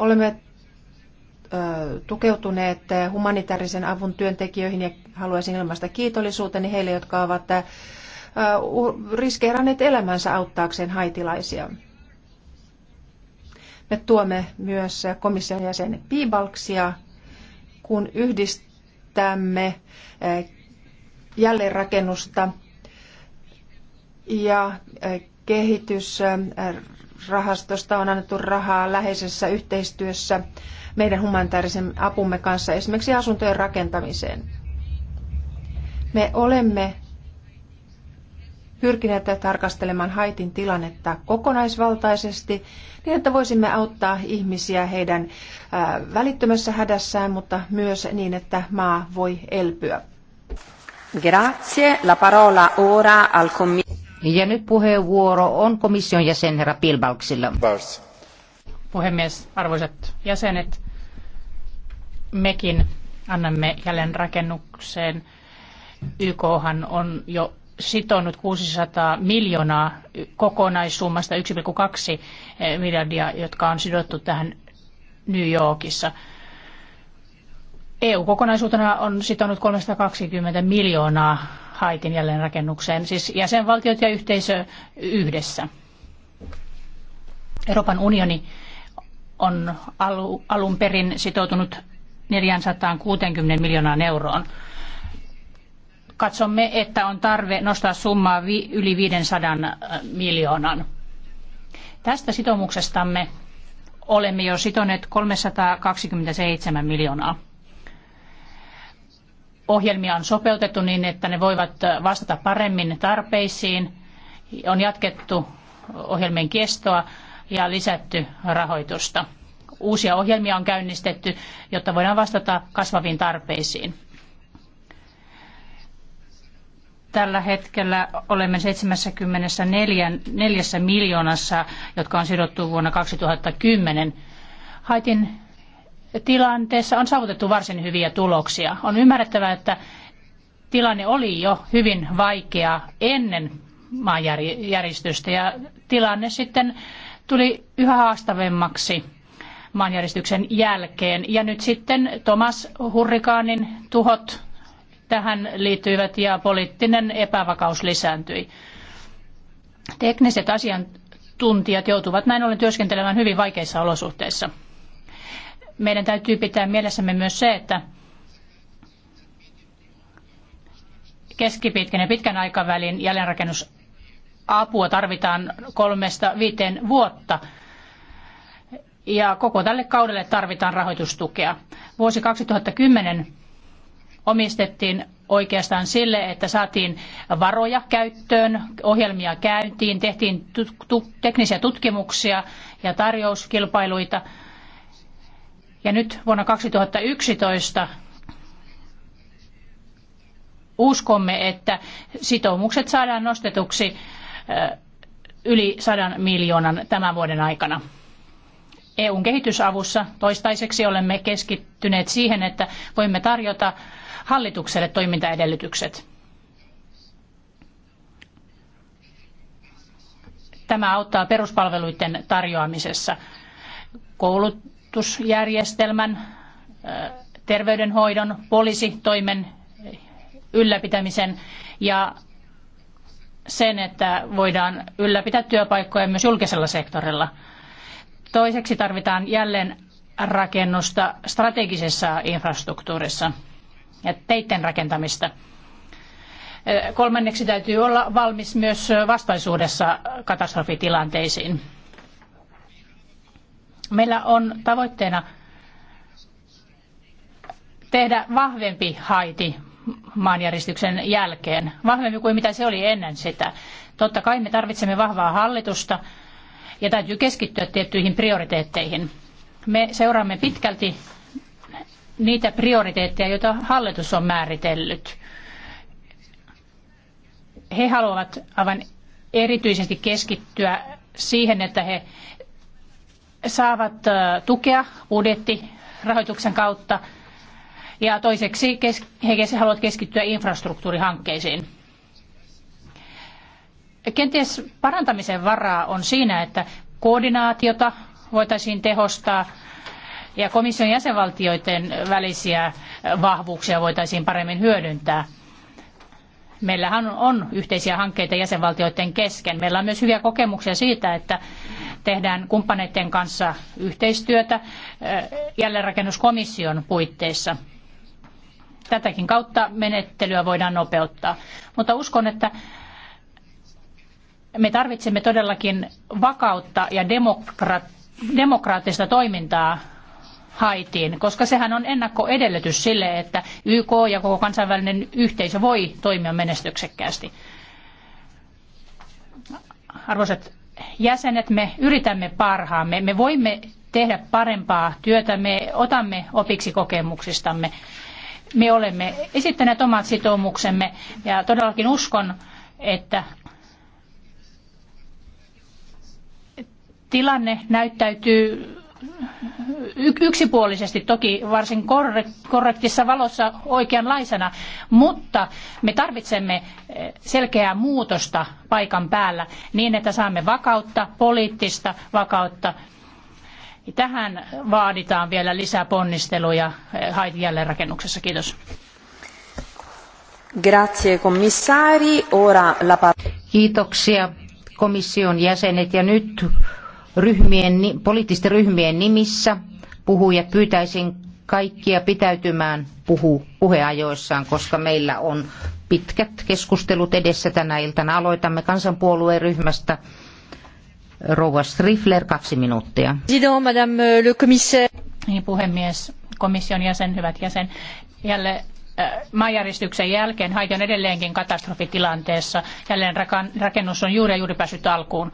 Olemme tukeutuneet humanitaarisen avun työntekijöihin ja haluaisin ilmaista kiitollisuuteni heille, jotka ovat riskeeranneet elämänsä auttaakseen haitilaisia. Me tuomme myös komission jäsen Piibalksia, kun yhdistämme jälleenrakennusta ja kehitys rahastosta on annettu rahaa läheisessä yhteistyössä meidän humanitaarisen apumme kanssa esimerkiksi asuntojen rakentamiseen. Me olemme pyrkineet tarkastelemaan Haitin tilannetta kokonaisvaltaisesti niin, että voisimme auttaa ihmisiä heidän välittömässä hädässään, mutta myös niin, että maa voi elpyä. Grazie. La parola ora al commi- ja nyt puheenvuoro on komission jäsen herra Pilbalksilla. Puhemies, arvoisat jäsenet, mekin annamme jälleen rakennukseen. YKhan on jo sitonut 600 miljoonaa kokonaissummasta 1,2 eh, miljardia, jotka on sidottu tähän New Yorkissa. EU kokonaisuutena on sitonut 320 miljoonaa Haitin jälleenrakennukseen, siis jäsenvaltiot ja yhteisö yhdessä. Euroopan unioni on alu, alun perin sitoutunut 460 miljoonaan euroon. Katsomme, että on tarve nostaa summaa vi, yli 500 äh, miljoonan. Tästä sitoumuksestamme olemme jo sitoneet 327 miljoonaa ohjelmia on sopeutettu niin, että ne voivat vastata paremmin tarpeisiin. On jatkettu ohjelmien kestoa ja lisätty rahoitusta. Uusia ohjelmia on käynnistetty, jotta voidaan vastata kasvaviin tarpeisiin. Tällä hetkellä olemme 74 miljoonassa, jotka on sidottu vuonna 2010. Haitin tilanteessa on saavutettu varsin hyviä tuloksia. On ymmärrettävää, että tilanne oli jo hyvin vaikea ennen maanjäristystä ja tilanne sitten tuli yhä haastavemmaksi maanjäristyksen jälkeen. Ja nyt sitten Thomas Hurrikaanin tuhot tähän liittyivät ja poliittinen epävakaus lisääntyi. Tekniset asiantuntijat joutuvat näin ollen työskentelemään hyvin vaikeissa olosuhteissa meidän täytyy pitää mielessämme myös se, että keskipitkän ja pitkän aikavälin jälleenrakennusapua tarvitaan kolmesta viiteen vuotta. Ja koko tälle kaudelle tarvitaan rahoitustukea. Vuosi 2010 omistettiin oikeastaan sille, että saatiin varoja käyttöön, ohjelmia käyntiin, tehtiin teknisiä tutkimuksia ja tarjouskilpailuita – ja nyt vuonna 2011 uskomme, että sitoumukset saadaan nostetuksi yli 100 miljoonan tämän vuoden aikana. EUn kehitysavussa toistaiseksi olemme keskittyneet siihen, että voimme tarjota hallitukselle toimintaedellytykset. Tämä auttaa peruspalveluiden tarjoamisessa. Koulut, puolustusjärjestelmän, terveydenhoidon, poliisitoimen ylläpitämisen ja sen, että voidaan ylläpitää työpaikkoja myös julkisella sektorilla. Toiseksi tarvitaan jälleen rakennusta strategisessa infrastruktuurissa ja teiden rakentamista. Kolmanneksi täytyy olla valmis myös vastaisuudessa katastrofitilanteisiin. Meillä on tavoitteena tehdä vahvempi Haiti maanjäristyksen jälkeen, vahvempi kuin mitä se oli ennen sitä. Totta kai me tarvitsemme vahvaa hallitusta ja täytyy keskittyä tiettyihin prioriteetteihin. Me seuraamme pitkälti niitä prioriteetteja, joita hallitus on määritellyt. He haluavat aivan erityisesti keskittyä siihen, että he saavat tukea budjettirahoituksen kautta ja toiseksi he haluavat keskittyä infrastruktuurihankkeisiin. Kenties parantamisen varaa on siinä, että koordinaatiota voitaisiin tehostaa ja komission jäsenvaltioiden välisiä vahvuuksia voitaisiin paremmin hyödyntää. Meillähän on yhteisiä hankkeita jäsenvaltioiden kesken. Meillä on myös hyviä kokemuksia siitä, että tehdään kumppaneiden kanssa yhteistyötä jälleenrakennuskomission puitteissa. Tätäkin kautta menettelyä voidaan nopeuttaa. Mutta uskon, että me tarvitsemme todellakin vakautta ja demokra- demokraattista toimintaa Haitiin, koska sehän on ennakkoedellytys sille, että YK ja koko kansainvälinen yhteisö voi toimia menestyksekkäästi. Arvoisat jäsenet me yritämme parhaamme. Me voimme tehdä parempaa työtä, me otamme opiksi kokemuksistamme. Me olemme esittäneet omat sitoumuksemme ja todellakin uskon, että tilanne näyttäytyy yksipuolisesti toki varsin korrektissa valossa oikeanlaisena, mutta me tarvitsemme eh, selkeää muutosta paikan päällä niin, että saamme vakautta, poliittista vakautta. Tähän vaaditaan vielä lisää ponnisteluja eh, Haitin jälleenrakennuksessa. Kiitos. Grazie Ora la Kiitoksia komission jäsenet ja nyt ryhmien, poliittisten ryhmien nimissä puhujat pyytäisin kaikkia pitäytymään puhu, puheajoissaan, koska meillä on pitkät keskustelut edessä tänä iltana. Aloitamme kansanpuolueen ryhmästä. Rouva Strifler, kaksi minuuttia. Madame euh, le commissaire. Niin, puhemies, komission jäsen, hyvät jäsen. Jälleen äh, maanjäristyksen jälkeen Haiti on edelleenkin katastrofitilanteessa. Jälleen rakennus on juuri ja juuri päässyt alkuun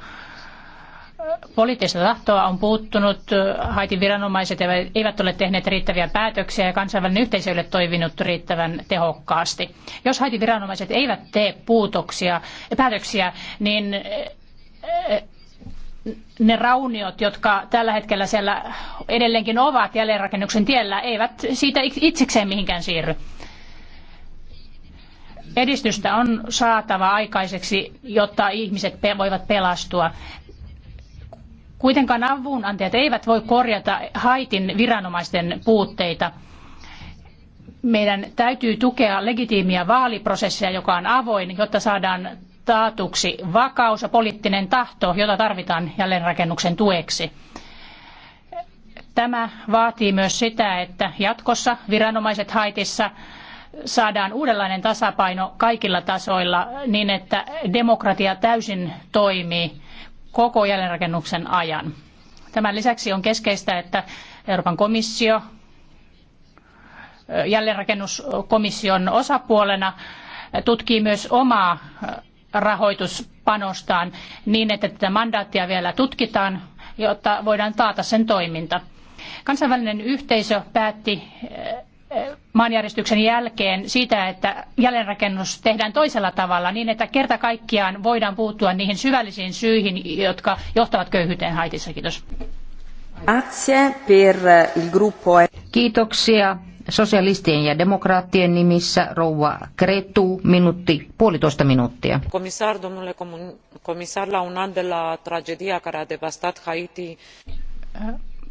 poliittista tahtoa on puuttunut, Haitin viranomaiset eivät ole tehneet riittäviä päätöksiä ja kansainvälinen yhteisö ei ole toiminut riittävän tehokkaasti. Jos Haitin viranomaiset eivät tee puutoksia, päätöksiä, niin ne rauniot, jotka tällä hetkellä siellä edelleenkin ovat jälleenrakennuksen tiellä, eivät siitä itsekseen mihinkään siirry. Edistystä on saatava aikaiseksi, jotta ihmiset voivat pelastua. Kuitenkaan avunantajat eivät voi korjata Haitin viranomaisten puutteita. Meidän täytyy tukea legitiimiä vaaliprosessia, joka on avoin, jotta saadaan taatuksi vakaus ja poliittinen tahto, jota tarvitaan jälleenrakennuksen tueksi. Tämä vaatii myös sitä, että jatkossa viranomaiset Haitissa saadaan uudenlainen tasapaino kaikilla tasoilla niin, että demokratia täysin toimii koko jälleenrakennuksen ajan. Tämän lisäksi on keskeistä, että Euroopan komissio jälleenrakennuskomission osapuolena tutkii myös omaa rahoituspanostaan niin, että tätä mandaattia vielä tutkitaan, jotta voidaan taata sen toiminta. Kansainvälinen yhteisö päätti maanjäristyksen jälkeen siitä, että jälleenrakennus tehdään toisella tavalla niin, että kerta kaikkiaan voidaan puuttua niihin syvällisiin syihin, jotka johtavat köyhyyteen Haitissa. Kiitos. Kiitoksia sosialistien ja demokraattien nimissä rouva Kretu, minuutti, puolitoista minuuttia. Komissar, tragedia devastat Haiti.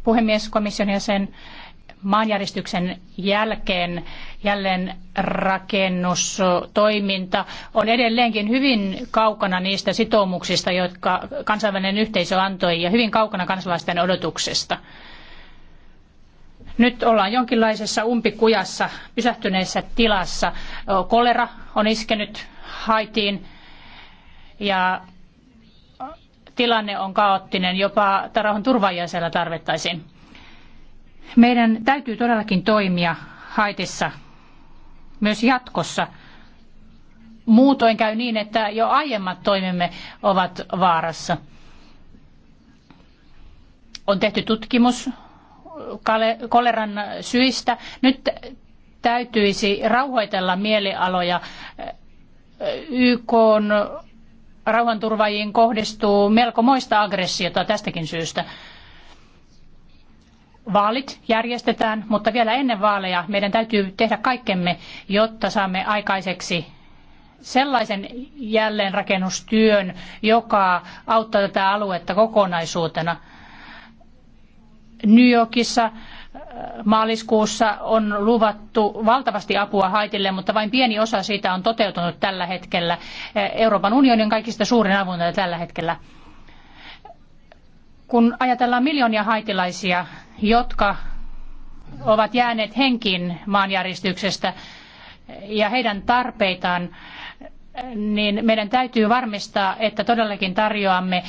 Puhemies, komission jäsen, maanjäristyksen jälkeen jälleen rakennustoiminta on edelleenkin hyvin kaukana niistä sitoumuksista, jotka kansainvälinen yhteisö antoi ja hyvin kaukana kansalaisten odotuksesta. Nyt ollaan jonkinlaisessa umpikujassa, pysähtyneessä tilassa. Kolera on iskenyt Haitiin ja tilanne on kaoottinen, jopa tarahon turvaajia siellä tarvittaisiin. Meidän täytyy todellakin toimia haitissa myös jatkossa. Muutoin käy niin, että jo aiemmat toimemme ovat vaarassa. On tehty tutkimus koleran syistä. Nyt täytyisi rauhoitella mielialoja. YK rauhanturvajiin kohdistuu melko moista aggressiota tästäkin syystä. Vaalit järjestetään, mutta vielä ennen vaaleja meidän täytyy tehdä kaikkemme, jotta saamme aikaiseksi sellaisen jälleenrakennustyön, joka auttaa tätä aluetta kokonaisuutena. New Yorkissa äh, maaliskuussa on luvattu valtavasti apua Haitille, mutta vain pieni osa siitä on toteutunut tällä hetkellä. Äh, Euroopan unionin kaikista suurin avunantaja tällä hetkellä. Kun ajatellaan miljoonia haitilaisia, jotka ovat jääneet henkiin maanjäristyksestä ja heidän tarpeitaan, niin meidän täytyy varmistaa, että todellakin tarjoamme eh,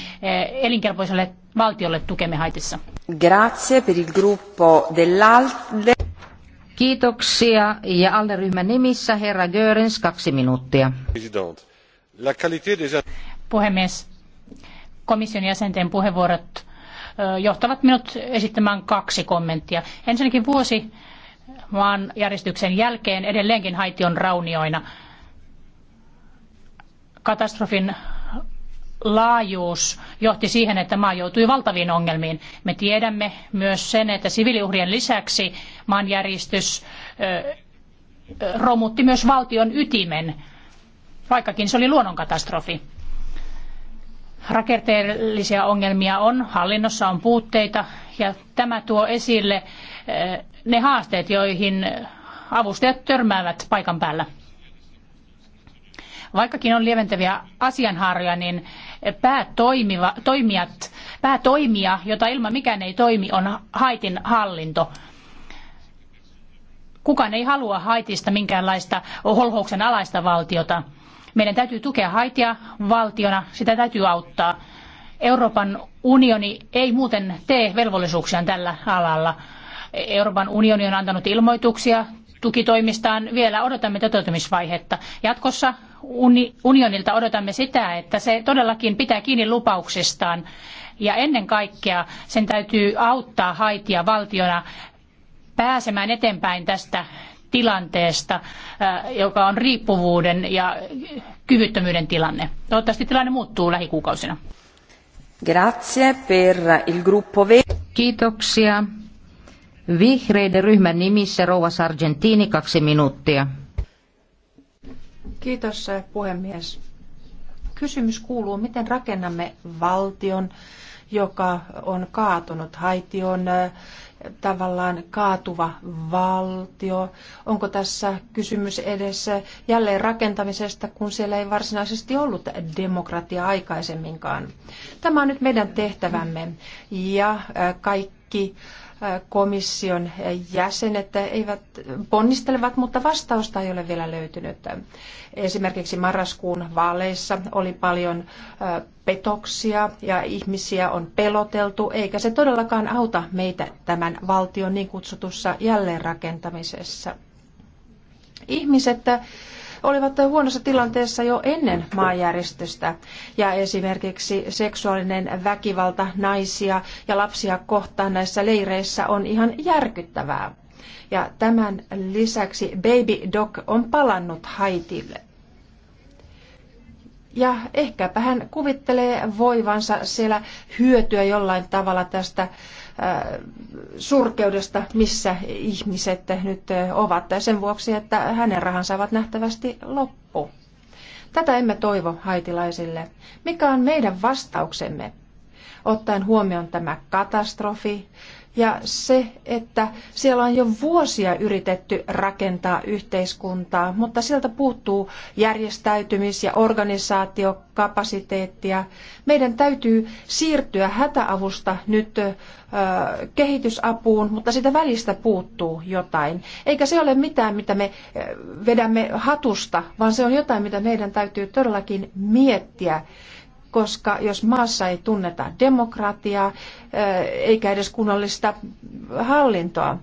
elinkelpoiselle valtiolle tukemme Haitissa. Grazie per il gruppo dell'Alde. Kiitoksia ja alderyhmän nimissä herra Görens kaksi minuuttia. la Puhemies, komission jäsenten puheenvuorot johtavat minut esittämään kaksi kommenttia. Ensinnäkin vuosi maan järjestyksen jälkeen edelleenkin Haiti on raunioina. Katastrofin laajuus johti siihen, että maa joutui valtaviin ongelmiin. Me tiedämme myös sen, että siviiliuhrien lisäksi maanjäristys romutti myös valtion ytimen, vaikkakin se oli luonnonkatastrofi. Rakenteellisia ongelmia on, hallinnossa on puutteita ja tämä tuo esille eh, ne haasteet, joihin avustajat törmäävät paikan päällä. Vaikkakin on lieventäviä asianhaaroja, niin päätoimiva, toimijat, päätoimija, jota ilman mikään ei toimi, on Haitin hallinto. Kukaan ei halua Haitista minkäänlaista holhouksen alaista valtiota – meidän täytyy tukea Haitia valtiona, sitä täytyy auttaa. Euroopan unioni ei muuten tee velvollisuuksiaan tällä alalla. Euroopan unioni on antanut ilmoituksia tukitoimistaan. Vielä odotamme toteutumisvaihetta. Jatkossa uni, unionilta odotamme sitä, että se todellakin pitää kiinni lupauksistaan. Ja ennen kaikkea sen täytyy auttaa Haitia valtiona pääsemään eteenpäin tästä tilanteesta, äh, joka on riippuvuuden ja kyvyttömyyden tilanne. Toivottavasti tilanne muuttuu lähikuukausina. Grazie per il gruppo Kiitoksia. Vihreiden ryhmän nimissä Rouva Sargentini, kaksi minuuttia. Kiitos äh, puhemies. Kysymys kuuluu, miten rakennamme valtion, joka on kaatunut Haitioon äh, tavallaan kaatuva valtio? Onko tässä kysymys edessä jälleen rakentamisesta, kun siellä ei varsinaisesti ollut demokratia aikaisemminkaan? Tämä on nyt meidän tehtävämme ja kaikki komission jäsenet eivät ponnistelevat, mutta vastausta ei ole vielä löytynyt. Esimerkiksi marraskuun vaaleissa oli paljon petoksia ja ihmisiä on peloteltu, eikä se todellakaan auta meitä tämän valtion niin kutsutussa jälleenrakentamisessa. Ihmiset olivat huonossa tilanteessa jo ennen maanjäristystä. Ja esimerkiksi seksuaalinen väkivalta naisia ja lapsia kohtaan näissä leireissä on ihan järkyttävää. Ja tämän lisäksi Baby Doc on palannut Haitille. Ja ehkäpä hän kuvittelee voivansa siellä hyötyä jollain tavalla tästä äh, surkeudesta, missä ihmiset nyt äh, ovat. Sen vuoksi, että hänen rahansa ovat nähtävästi loppu. Tätä emme toivo haitilaisille. Mikä on meidän vastauksemme? Ottaen huomioon tämä katastrofi, ja se, että siellä on jo vuosia yritetty rakentaa yhteiskuntaa, mutta sieltä puuttuu järjestäytymis- ja organisaatiokapasiteettia. Meidän täytyy siirtyä hätäavusta nyt ö, kehitysapuun, mutta sitä välistä puuttuu jotain. Eikä se ole mitään, mitä me vedämme hatusta, vaan se on jotain, mitä meidän täytyy todellakin miettiä koska jos maassa ei tunneta demokratiaa eikä edes kunnollista hallintoa,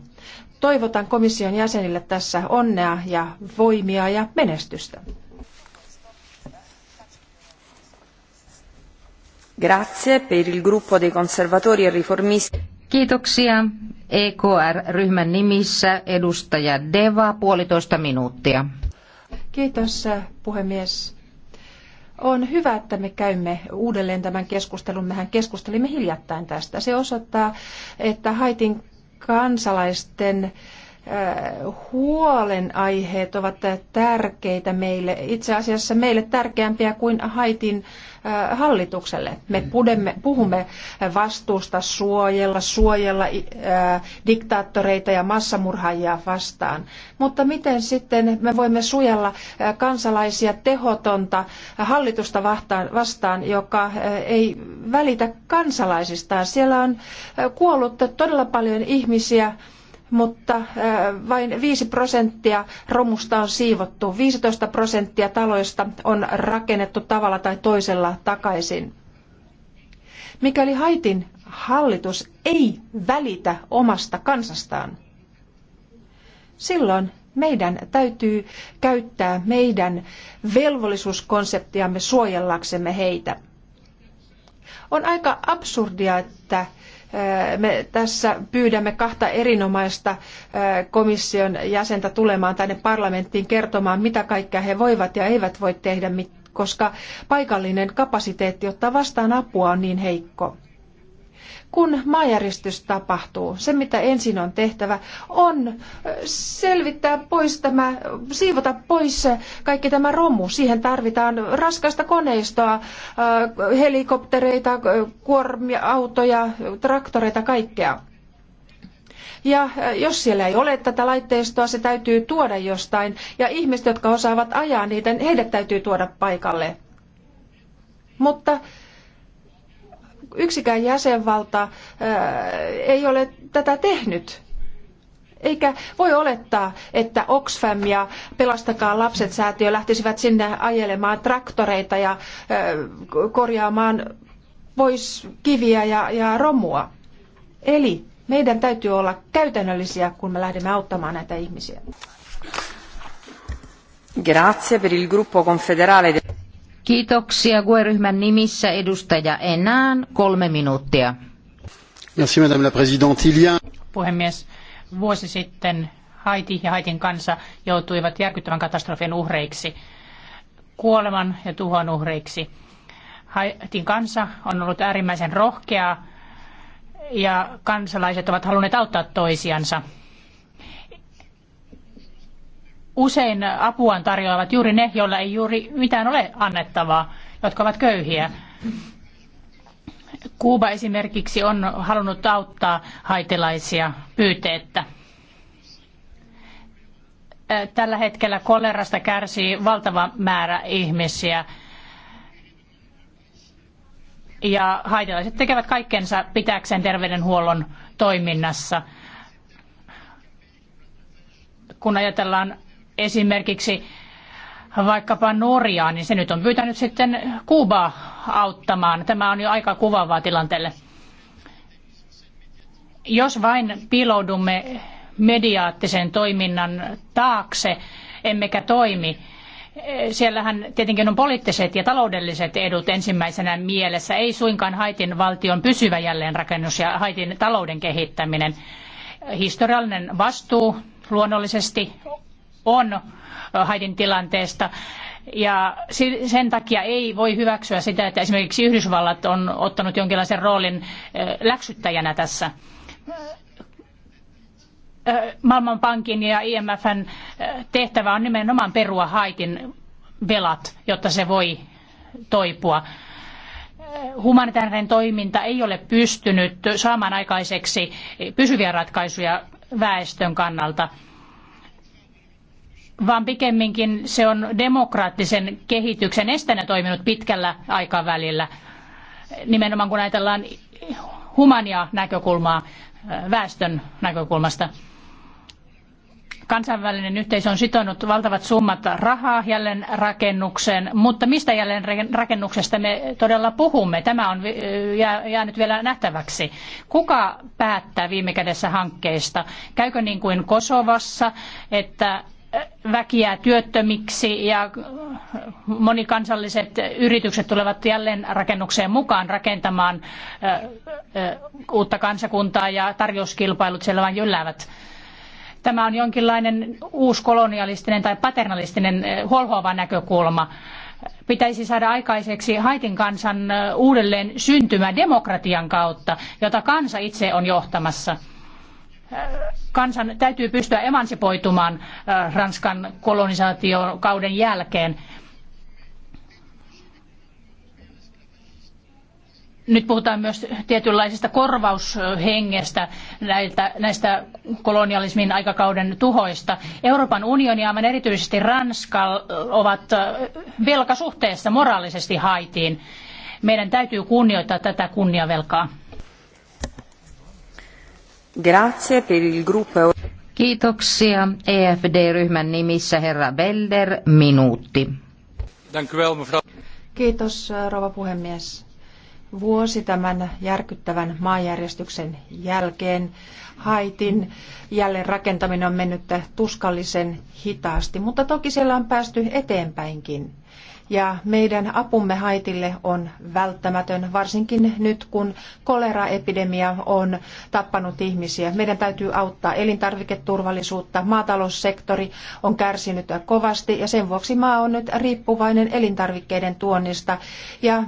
toivotan komission jäsenille tässä onnea ja voimia ja menestystä. Grazie per il gruppo dei conservatori e riformisti. Kiitoksia. EKR-ryhmän nimissä edustaja Deva, puolitoista minuuttia. Kiitos puhemies. On hyvä, että me käymme uudelleen tämän keskustelun. Mehän keskustelimme hiljattain tästä. Se osoittaa, että Haitin kansalaisten äh, huolenaiheet ovat tärkeitä meille, itse asiassa meille tärkeämpiä kuin Haitin hallitukselle. Me pudemme, puhumme vastuusta suojella, suojella diktaattoreita ja massamurhaajia vastaan. Mutta miten sitten me voimme suojella kansalaisia tehotonta hallitusta vastaan, joka ei välitä kansalaisistaan? Siellä on kuollut todella paljon ihmisiä mutta äh, vain viisi prosenttia romusta on siivottu. 15 prosenttia taloista on rakennettu tavalla tai toisella takaisin. Mikäli Haitin hallitus ei välitä omasta kansastaan, silloin meidän täytyy käyttää meidän velvollisuuskonseptiamme suojellaksemme heitä. On aika absurdia, että me tässä pyydämme kahta erinomaista komission jäsentä tulemaan tänne parlamenttiin kertomaan, mitä kaikkea he voivat ja eivät voi tehdä, koska paikallinen kapasiteetti ottaa vastaan apua on niin heikko kun maanjäristys tapahtuu, se mitä ensin on tehtävä, on selvittää pois tämä, siivota pois kaikki tämä romu. Siihen tarvitaan raskasta koneistoa, helikoptereita, kuormia, autoja, traktoreita, kaikkea. Ja jos siellä ei ole tätä laitteistoa, se täytyy tuoda jostain. Ja ihmiset, jotka osaavat ajaa niitä, heidät täytyy tuoda paikalle. Mutta yksikään jäsenvalta ei ole tätä tehnyt. Eikä voi olettaa, että Oxfam ja Pelastakaa lapset säätiö lähtisivät sinne ajelemaan traktoreita ja korjaamaan pois kiviä ja, ja romua. Eli meidän täytyy olla käytännöllisiä, kun me lähdemme auttamaan näitä ihmisiä. Grazie per il gruppo confederale. Kiitoksia GUE-ryhmän nimissä edustaja Enään. Kolme minuuttia. Merci, madame la présidente. Il y a... Puhemies, vuosi sitten Haiti ja Haitin kansa joutuivat järkyttävän katastrofin uhreiksi, kuoleman ja tuhon uhreiksi. Haitin kansa on ollut äärimmäisen rohkea ja kansalaiset ovat halunneet auttaa toisiansa usein apuaan tarjoavat juuri ne, joilla ei juuri mitään ole annettavaa, jotka ovat köyhiä. Kuuba esimerkiksi on halunnut auttaa haitilaisia pyyteettä. Tällä hetkellä kolerasta kärsii valtava määrä ihmisiä. Ja haitilaiset tekevät kaikkensa pitääkseen terveydenhuollon toiminnassa. Kun ajatellaan esimerkiksi vaikkapa Norjaa, niin se nyt on pyytänyt sitten Kuubaa auttamaan. Tämä on jo aika kuvaavaa tilanteelle. Jos vain piiloudumme mediaattisen toiminnan taakse, emmekä toimi, siellähän tietenkin on poliittiset ja taloudelliset edut ensimmäisenä mielessä, ei suinkaan Haitin valtion pysyvä jälleenrakennus ja Haitin talouden kehittäminen. Historiallinen vastuu luonnollisesti on äh, Haidin tilanteesta. Ja sen takia ei voi hyväksyä sitä, että esimerkiksi Yhdysvallat on ottanut jonkinlaisen roolin äh, läksyttäjänä tässä. Äh, Maailmanpankin ja IMFn tehtävä on nimenomaan perua Haitin velat, jotta se voi toipua. Humanitaarinen toiminta ei ole pystynyt saamaan aikaiseksi pysyviä ratkaisuja väestön kannalta vaan pikemminkin se on demokraattisen kehityksen estänä toiminut pitkällä aikavälillä. Nimenomaan kun ajatellaan humania näkökulmaa äh, väestön näkökulmasta. Kansainvälinen yhteisö on sitonut valtavat summat rahaa jälleen rakennukseen, mutta mistä jälleen rakennuksesta me todella puhumme? Tämä on äh, jäänyt vielä nähtäväksi. Kuka päättää viime kädessä hankkeista? Käykö niin kuin Kosovassa, että väkiä työttömiksi ja monikansalliset yritykset tulevat jälleen rakennukseen mukaan rakentamaan uutta kansakuntaa ja tarjouskilpailut siellä vain jylläävät. Tämä on jonkinlainen uuskolonialistinen tai paternalistinen holhoava näkökulma. Pitäisi saada aikaiseksi Haitin kansan uudelleen syntymä demokratian kautta, jota kansa itse on johtamassa kansan täytyy pystyä emansipoitumaan äh, Ranskan kolonisaatiokauden jälkeen. Nyt puhutaan myös tietynlaisesta korvaushengestä näiltä, näistä kolonialismin aikakauden tuhoista. Euroopan unioni ja erityisesti Ranska ovat äh, velkasuhteessa moraalisesti haitiin. Meidän täytyy kunnioittaa tätä kunniavelkaa. Grazie per il gruppo. Kiitoksia. EFD-ryhmän nimissä herra Belder, minuutti. Kiitos rouva puhemies. Vuosi tämän järkyttävän maanjärjestyksen jälkeen Haitin jälleen rakentaminen on mennyt tuskallisen hitaasti, mutta toki siellä on päästy eteenpäinkin ja meidän apumme Haitille on välttämätön, varsinkin nyt kun koleraepidemia on tappanut ihmisiä. Meidän täytyy auttaa elintarviketurvallisuutta. Maataloussektori on kärsinyt kovasti ja sen vuoksi maa on nyt riippuvainen elintarvikkeiden tuonnista ja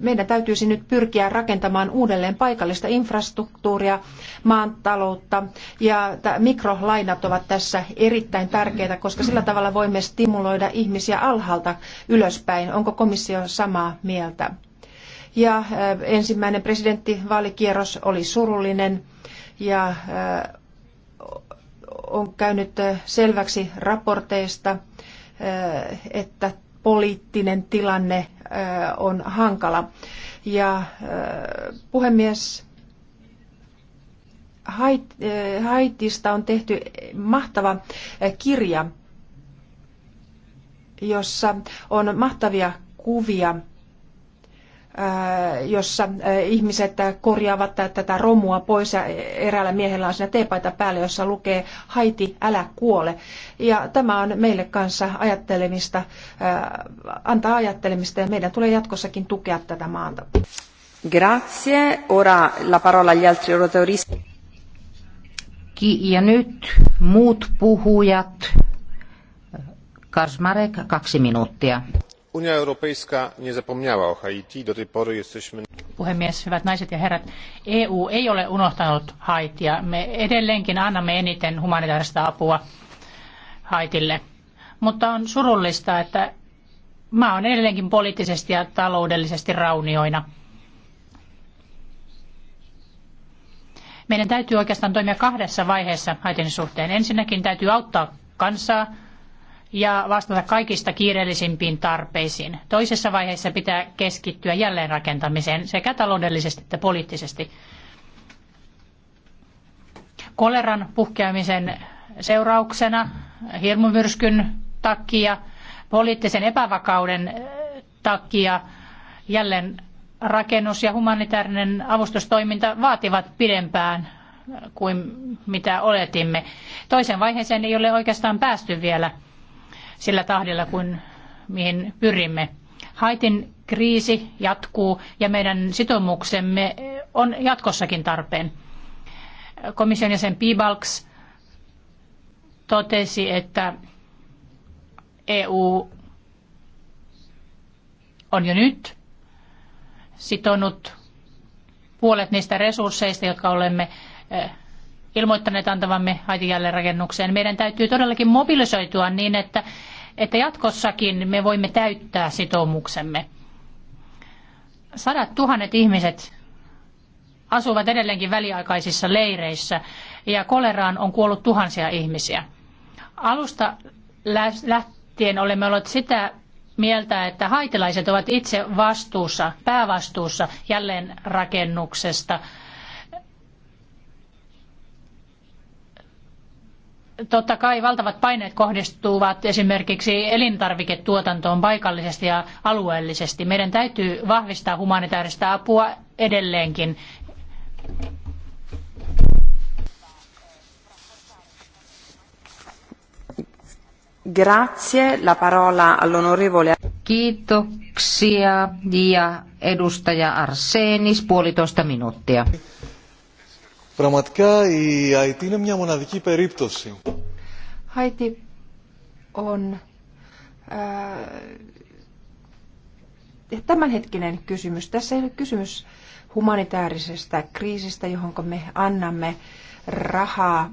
meidän täytyisi nyt pyrkiä rakentamaan uudelleen paikallista infrastruktuuria, maantaloutta ja mikrolainat ovat tässä erittäin tärkeitä, koska sillä tavalla voimme stimuloida ihmisiä alhaalta ylös ylöspäin. Onko komissio samaa mieltä? Ja äh, ensimmäinen presidenttivaalikierros oli surullinen ja äh, on käynyt äh, selväksi raporteista, että poliittinen tilanne on hankala. Ja puhemies, Haitista on tehty mahtava kirja jossa on mahtavia kuvia äh, jossa äh, ihmiset korjaavat tätä romua pois ja eräällä miehellä on siinä teepaita päällä, jossa lukee Haiti, älä kuole. Ja tämä on meille kanssa ajattelemista, äh, antaa ajattelemista ja meidän tulee jatkossakin tukea tätä maata. Grazie. Ora la parola agli altri oratoristi. Ja nyt muut puhujat Kaczmarek, kaksi minuuttia. Unia Europejska nie zapomniała o Haiti. Do tej pory jesteśmy... Puhemies, hyvät naiset ja herrat. EU ei ole unohtanut Haitia. Me edelleenkin annamme eniten humanitaarista apua Haitille. Mutta on surullista, että maa on edelleenkin poliittisesti ja taloudellisesti raunioina. Meidän täytyy oikeastaan toimia kahdessa vaiheessa Haitin suhteen. Ensinnäkin täytyy auttaa kansaa ja vastata kaikista kiireellisimpiin tarpeisiin. Toisessa vaiheessa pitää keskittyä jälleenrakentamiseen sekä taloudellisesti että poliittisesti. Koleran puhkeamisen seurauksena, hirmumyrskyn takia, poliittisen epävakauden eh, takia jälleen rakennus ja humanitaarinen avustustoiminta vaativat pidempään eh, kuin mitä oletimme. Toisen vaiheeseen ei ole oikeastaan päästy vielä sillä tahdilla kuin mihin pyrimme. Haitin kriisi jatkuu ja meidän sitoumuksemme on jatkossakin tarpeen. Komission jäsen Pibalks totesi, että EU on jo nyt sitonut puolet niistä resursseista, jotka olemme eh, ilmoittaneet antavamme Haitin jälleenrakennukseen. Meidän täytyy todellakin mobilisoitua niin, että että jatkossakin me voimme täyttää sitoumuksemme. Sadat tuhannet ihmiset asuvat edelleenkin väliaikaisissa leireissä ja koleraan on kuollut tuhansia ihmisiä. Alusta lähtien olemme olleet sitä mieltä, että haitilaiset ovat itse vastuussa, päävastuussa jälleenrakennuksesta rakennuksesta totta kai valtavat paineet kohdistuvat esimerkiksi elintarviketuotantoon paikallisesti ja alueellisesti. Meidän täytyy vahvistaa humanitaarista apua edelleenkin. Grazie, la parola all'onorevole. Kiitoksia ja edustaja Arsenis, puolitoista minuuttia. Πραγματικά η Αϊτή είναι μια μοναδική περίπτωση. Haiti on äh, tämänhetkinen kysymys. Tässä ei ole kysymys humanitaarisesta kriisistä, johon me annamme rahaa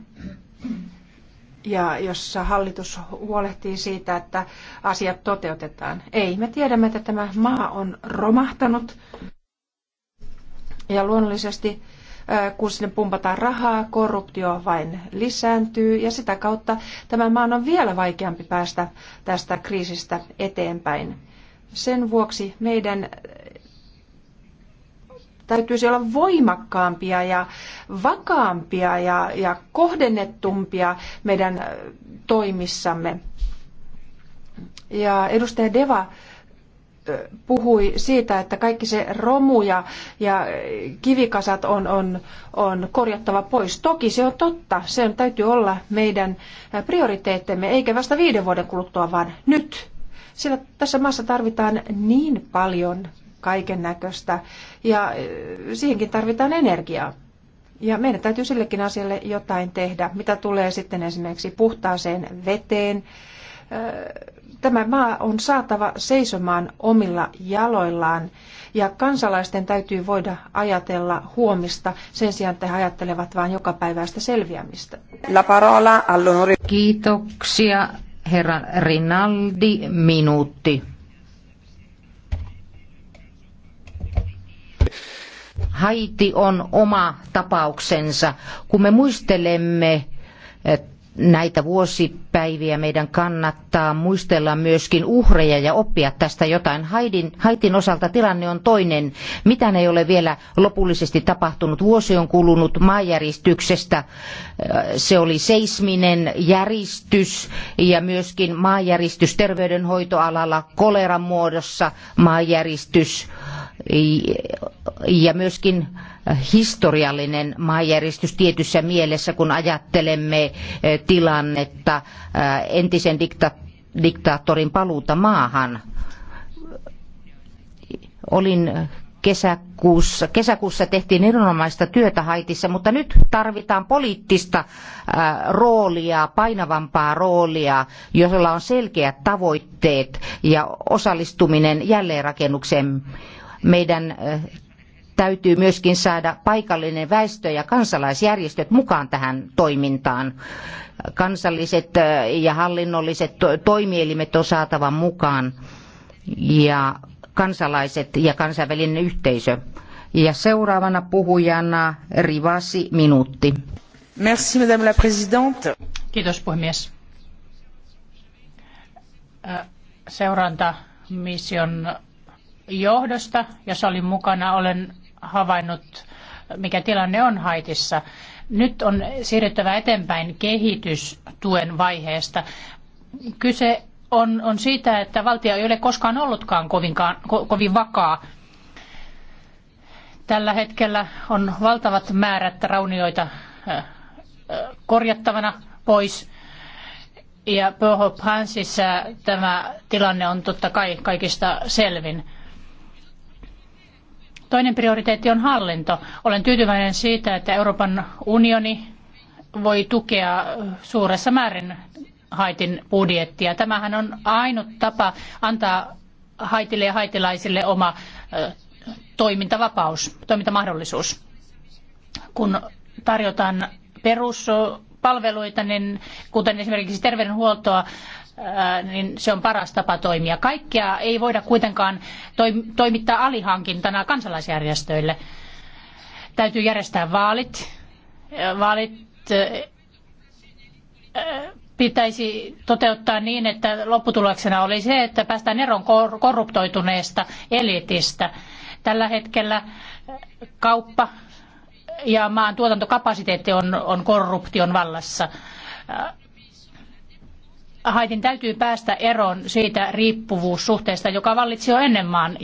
ja jossa hallitus huolehtii siitä, että asiat toteutetaan. Ei, me tiedämme, että tämä maa on romahtanut ja luonnollisesti äh, kun sinne pumpataan rahaa, korruptio vain lisääntyy ja sitä kautta tämän maan on vielä vaikeampi päästä tästä kriisistä eteenpäin. Sen vuoksi meidän täytyisi olla voimakkaampia ja vakaampia ja, ja kohdennettumpia meidän toimissamme. Ja edustaja Deva puhui siitä, että kaikki se romu ja, ja kivikasat on, on, on korjattava pois. Toki se on totta, sen täytyy olla meidän prioriteettemme, eikä vasta viiden vuoden kuluttua, vaan nyt. Sillä tässä maassa tarvitaan niin paljon kaiken näköistä ja siihenkin tarvitaan energiaa. Ja meidän täytyy sillekin asialle jotain tehdä, mitä tulee sitten esimerkiksi puhtaaseen veteen, tämä maa on saatava seisomaan omilla jaloillaan ja kansalaisten täytyy voida ajatella huomista sen sijaan, että he ajattelevat vain jokapäiväistä selviämistä. La parola all'onore. Kiitoksia. Herra Rinaldi, minuutti. Haiti on oma tapauksensa. Kun me muistelemme näitä vuosipäiviä meidän kannattaa muistella myöskin uhreja ja oppia tästä jotain. Haidin, Haitin osalta tilanne on toinen. Mitään ei ole vielä lopullisesti tapahtunut. Vuosi on kulunut maanjäristyksestä. Se oli seisminen järistys ja myöskin maanjäristys terveydenhoitoalalla koleran muodossa maanjäristys ja myöskin historiallinen maanjäristys tietyssä mielessä, kun ajattelemme tilannetta entisen dikta- diktaattorin paluuta maahan. Olin kesäkuussa. Kesäkuussa tehtiin erinomaista työtä Haitissa, mutta nyt tarvitaan poliittista roolia, painavampaa roolia, jolla on selkeät tavoitteet ja osallistuminen jälleenrakennukseen. Meidän täytyy myöskin saada paikallinen väestö ja kansalaisjärjestöt mukaan tähän toimintaan. Kansalliset ja hallinnolliset toimielimet on saatava mukaan ja kansalaiset ja kansainvälinen yhteisö. Ja seuraavana puhujana Rivasi minuutti. Merci, madame la présidente. Kiitos puhemies. Seuranta mission johdosta, jossa olin mukana, olen havainnut, mikä tilanne on Haitissa. Nyt on siirryttävä eteenpäin kehitystuen vaiheesta. Kyse on, on siitä, että valtio ei ole koskaan ollutkaan kovinkaan, ko, kovin vakaa. Tällä hetkellä on valtavat määrät raunioita äh, äh, korjattavana pois. Ja Pöho Hansissa tämä tilanne on totta kai kaikista selvin. Toinen prioriteetti on hallinto. Olen tyytyväinen siitä, että Euroopan unioni voi tukea suuressa määrin Haitin budjettia. Tämähän on ainut tapa antaa Haitille ja haitilaisille oma toimintavapaus, toimintamahdollisuus. Kun tarjotaan peruspalveluita, niin kuten esimerkiksi terveydenhuoltoa, niin se on paras tapa toimia. Kaikkea ei voida kuitenkaan toimittaa alihankintana kansalaisjärjestöille. Täytyy järjestää vaalit. Vaalit pitäisi toteuttaa niin, että lopputuloksena oli se, että päästään eroon korruptoituneesta eliitistä. Tällä hetkellä kauppa ja maan tuotantokapasiteetti on, on korruption vallassa Haitin täytyy päästä eroon siitä riippuvuussuhteesta, joka vallitsi jo ennen maan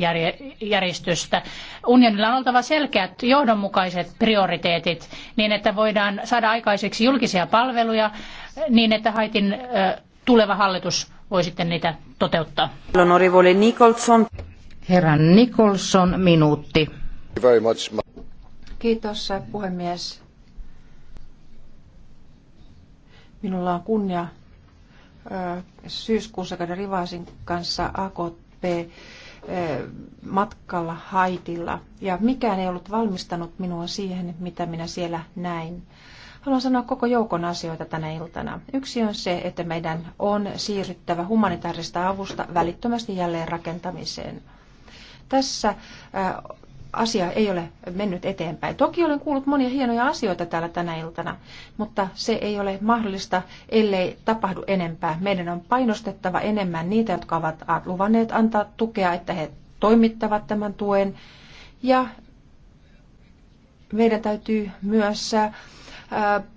järjestystä. Unionilla on oltava selkeät johdonmukaiset prioriteetit niin, että voidaan saada aikaiseksi julkisia palveluja niin, että Haitin tuleva hallitus voi sitten niitä toteuttaa. Nicholson. Herra Nicholson, minuutti. Kiitos puhemies. Minulla on kunnia syyskuussa käydä Rivasin kanssa AKP matkalla Haitilla ja mikään ei ollut valmistanut minua siihen, mitä minä siellä näin. Haluan sanoa koko joukon asioita tänä iltana. Yksi on se, että meidän on siirryttävä humanitaarista avusta välittömästi jälleen rakentamiseen. Tässä asia ei ole mennyt eteenpäin. Toki olen kuullut monia hienoja asioita täällä tänä iltana, mutta se ei ole mahdollista, ellei tapahdu enempää. Meidän on painostettava enemmän niitä, jotka ovat luvanneet antaa tukea, että he toimittavat tämän tuen. Ja meidän täytyy myös äh,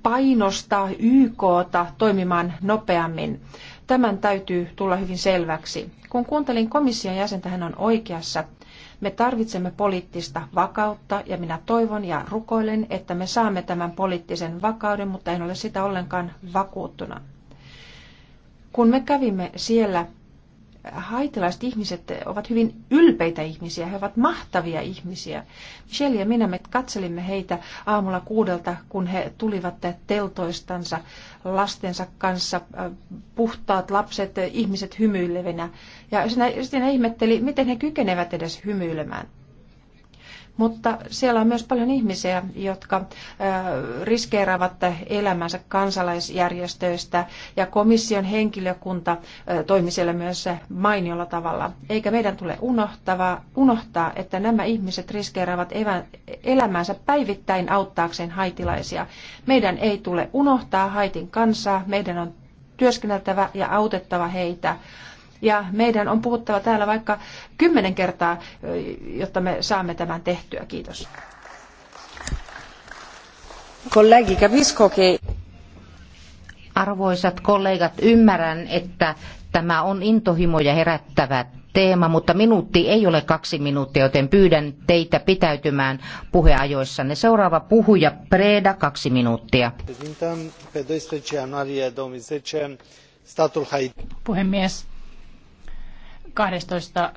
painostaa YKta toimimaan nopeammin. Tämän täytyy tulla hyvin selväksi. Kun kuuntelin komission jäsentä, hän on oikeassa. Me tarvitsemme poliittista vakautta ja minä toivon ja rukoilen, että me saamme tämän poliittisen vakauden, mutta en ole sitä ollenkaan vakuuttunut kun me kävimme siellä haitilaiset ihmiset ovat hyvin ylpeitä ihmisiä, he ovat mahtavia ihmisiä. Michelle ja minä me katselimme heitä aamulla kuudelta, kun he tulivat teltoistansa lastensa kanssa, puhtaat lapset, ihmiset hymyilevinä. Ja sitten ihmetteli, miten he kykenevät edes hymyilemään. Mutta siellä on myös paljon ihmisiä, jotka riskeeraavat elämänsä kansalaisjärjestöistä ja komission henkilökunta toimi siellä myös mainiolla tavalla. Eikä meidän tule unohtava, unohtaa, että nämä ihmiset riskeeraavat elämänsä päivittäin auttaakseen haitilaisia. Meidän ei tule unohtaa haitin kansaa, meidän on työskenneltävä ja autettava heitä ja meidän on puhuttava täällä vaikka kymmenen kertaa, jotta me saamme tämän tehtyä. Kiitos. Kollegi, capisco che... Arvoisat kollegat, ymmärrän, että tämä on intohimoja herättävä teema, mutta minuutti ei ole kaksi minuuttia, joten pyydän teitä pitäytymään puheajoissanne. Seuraava puhuja, Preda, kaksi minuuttia. Puhemies, 12.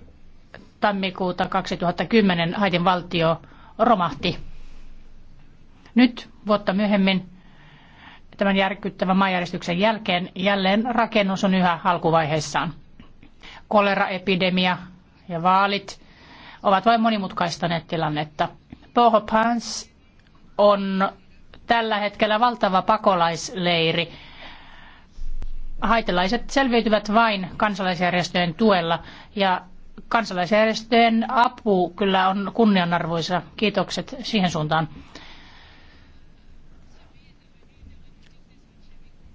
tammikuuta 2010 Haitin valtio romahti. Nyt vuotta myöhemmin tämän järkyttävän maanjärjestyksen jälkeen jälleen rakennus on yhä alkuvaiheessaan. Koleraepidemia ja vaalit ovat vain monimutkaistaneet tilannetta. Pohopans on tällä hetkellä valtava pakolaisleiri Haitelaiset selviytyvät vain kansalaisjärjestöjen tuella ja kansalaisjärjestöjen apu kyllä on kunnianarvoisa. Kiitokset siihen suuntaan.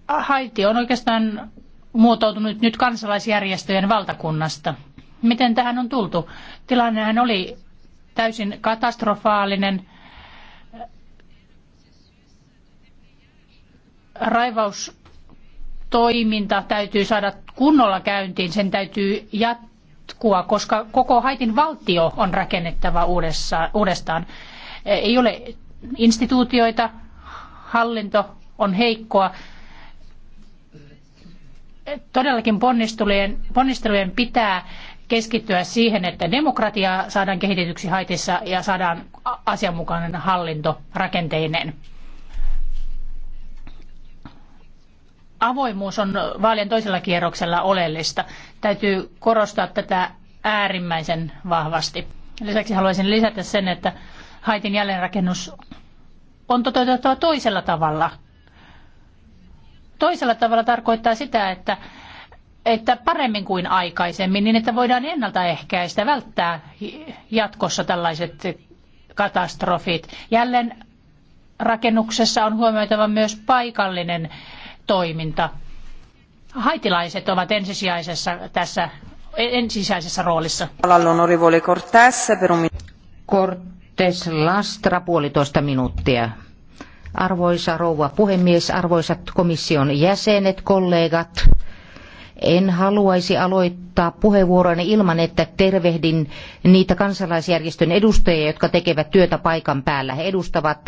Haiti on oikeastaan muotoutunut nyt kansalaisjärjestöjen valtakunnasta. Miten tähän on tultu? Tilannehän oli täysin katastrofaalinen. Raivaus toiminta täytyy saada kunnolla käyntiin, sen täytyy jatkua, koska koko Haitin valtio on rakennettava uudestaan. Ei ole instituutioita, hallinto on heikkoa. Todellakin ponnistelujen, ponnistelujen pitää keskittyä siihen, että demokratia saadaan kehitetyksi haitissa ja saadaan asianmukainen hallinto rakenteineen. avoimuus on vaalien toisella kierroksella oleellista. Täytyy korostaa tätä äärimmäisen vahvasti. Lisäksi haluaisin lisätä sen, että Haitin jälleenrakennus on toteutettava toisella tavalla. Toisella tavalla tarkoittaa sitä, että, että paremmin kuin aikaisemmin, niin että voidaan ennaltaehkäistä, välttää jatkossa tällaiset katastrofit. Jälleen rakennuksessa on huomioitava myös paikallinen toiminta. Haitilaiset ovat ensisijaisessa tässä ensisijaisessa roolissa. Cortes Lastra puolitoista minuuttia. Arvoisa rouva puhemies, arvoisat komission jäsenet, kollegat. En haluaisi aloittaa puheenvuoroani ilman, että tervehdin niitä kansalaisjärjestön edustajia, jotka tekevät työtä paikan päällä. He edustavat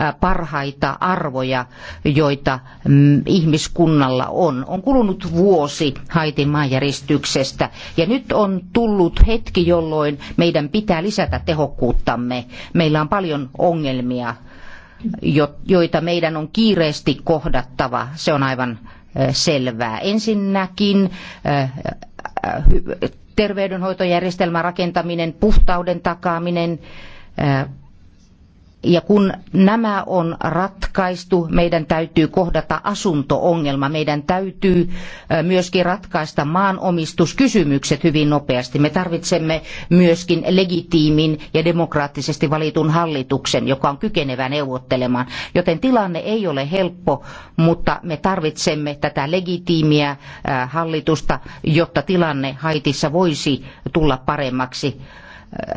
äh, parhaita arvoja, joita mm, ihmiskunnalla on. On kulunut vuosi Haitin maanjäristyksestä ja nyt on tullut hetki, jolloin meidän pitää lisätä tehokkuuttamme. Meillä on paljon ongelmia joita meidän on kiireesti kohdattava. Se on aivan selvää. Ensinnäkin terveydenhoitojärjestelmän rakentaminen, puhtauden takaaminen, ja kun nämä on ratkaistu, meidän täytyy kohdata asuntoongelma, meidän täytyy myöskin ratkaista maanomistuskysymykset hyvin nopeasti. Me tarvitsemme myöskin legitiimin ja demokraattisesti valitun hallituksen, joka on kykenevä neuvottelemaan. Joten tilanne ei ole helppo, mutta me tarvitsemme tätä legitiimiä hallitusta, jotta tilanne Haitissa voisi tulla paremmaksi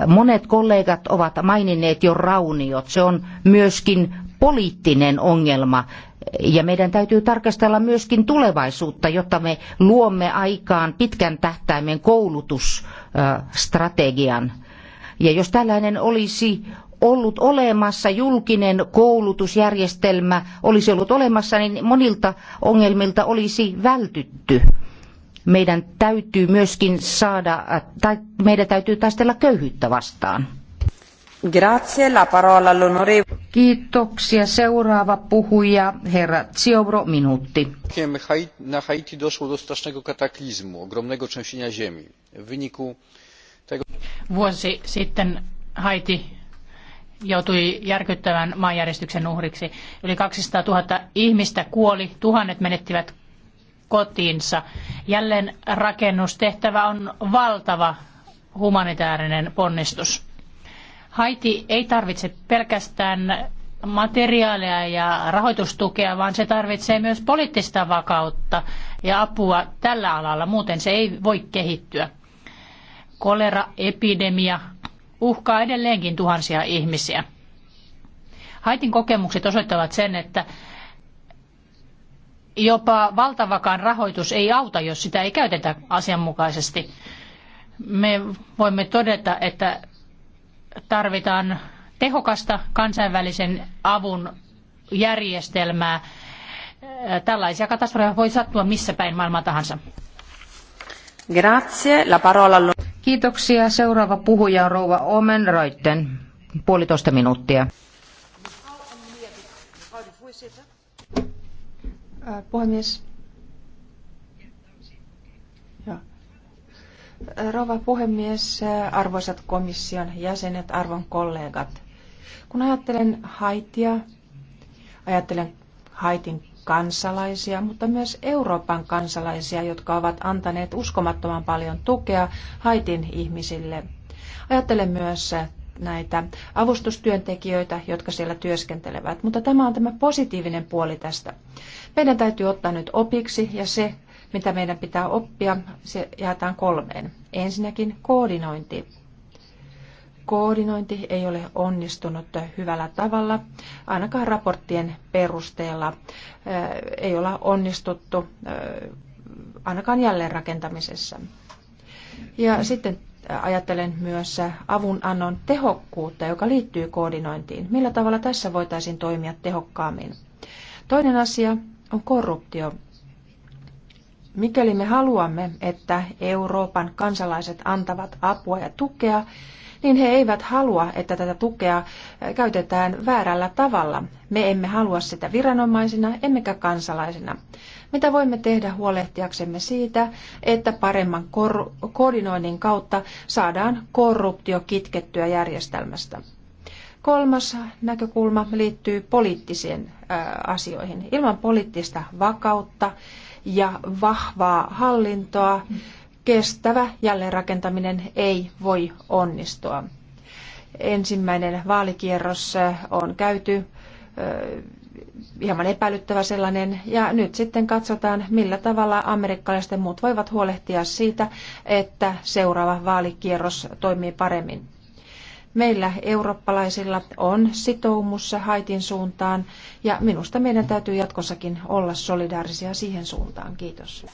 Monet kollegat ovat maininneet jo rauniot. Se on myöskin poliittinen ongelma. Ja meidän täytyy tarkastella myöskin tulevaisuutta, jotta me luomme aikaan pitkän tähtäimen koulutusstrategian. Ja jos tällainen olisi ollut olemassa, julkinen koulutusjärjestelmä olisi ollut olemassa, niin monilta ongelmilta olisi vältytty meidän täytyy myöskin saada, tai meidän täytyy taistella köyhyyttä vastaan. Grazie, la parola all'onorevole. Kiitoksia. Seuraava puhuja, herra Ziobro, minuutti. Na Haiti doszło do strasznego kataklizmu, ogromnego trzęsienia ziemi. W wyniku tego... Vuosi sitten Haiti joutui järkyttävän maanjäristyksen uhriksi. Yli 200 000 ihmistä kuoli, tuhannet menettivät kotiinsa. Jälleen rakennustehtävä on valtava humanitaarinen ponnistus. Haiti ei tarvitse pelkästään materiaalia ja rahoitustukea, vaan se tarvitsee myös poliittista vakautta ja apua tällä alalla, muuten se ei voi kehittyä. Koleraepidemia uhkaa edelleenkin tuhansia ihmisiä. Haitin kokemukset osoittavat sen, että jopa valtavakaan rahoitus ei auta, jos sitä ei käytetä asianmukaisesti. Me voimme todeta, että tarvitaan tehokasta kansainvälisen avun järjestelmää. Tällaisia katastrofeja voi sattua missä päin maailmaa tahansa. Grazie, la parola... Kiitoksia. Seuraava puhuja on rouva Omen Reuten. Puolitoista minuuttia. Puhemies. Rova puhemies, arvoisat komission jäsenet, arvon kollegat. Kun ajattelen Haitia, ajattelen Haitin kansalaisia, mutta myös Euroopan kansalaisia, jotka ovat antaneet uskomattoman paljon tukea Haitin ihmisille. Ajattelen myös näitä avustustyöntekijöitä, jotka siellä työskentelevät. Mutta tämä on tämä positiivinen puoli tästä. Meidän täytyy ottaa nyt opiksi ja se, mitä meidän pitää oppia, se jaetaan kolmeen. Ensinnäkin koordinointi. Koordinointi ei ole onnistunut hyvällä tavalla, ainakaan raporttien perusteella äh, ei olla onnistuttu äh, ainakaan jälleenrakentamisessa. Ja sitten äh, ajattelen myös avunannon tehokkuutta, joka liittyy koordinointiin. Millä tavalla tässä voitaisiin toimia tehokkaammin? Toinen asia, on korruptio. Mikäli me haluamme, että Euroopan kansalaiset antavat apua ja tukea, niin he eivät halua, että tätä tukea käytetään väärällä tavalla. Me emme halua sitä viranomaisina emmekä kansalaisina. Mitä voimme tehdä huolehtiaksemme siitä, että paremman koordinoinnin kautta saadaan korruptio kitkettyä järjestelmästä? Kolmas näkökulma liittyy poliittisiin asioihin. Ilman poliittista vakautta ja vahvaa hallintoa kestävä jälleenrakentaminen ei voi onnistua. Ensimmäinen vaalikierros on käyty hieman epäilyttävä sellainen. Ja nyt sitten katsotaan, millä tavalla amerikkalaiset ja muut voivat huolehtia siitä, että seuraava vaalikierros toimii paremmin. Meillä eurooppalaisilla on sitoumus Haitin suuntaan ja minusta meidän täytyy jatkossakin olla solidaarisia siihen suuntaan. Kiitos.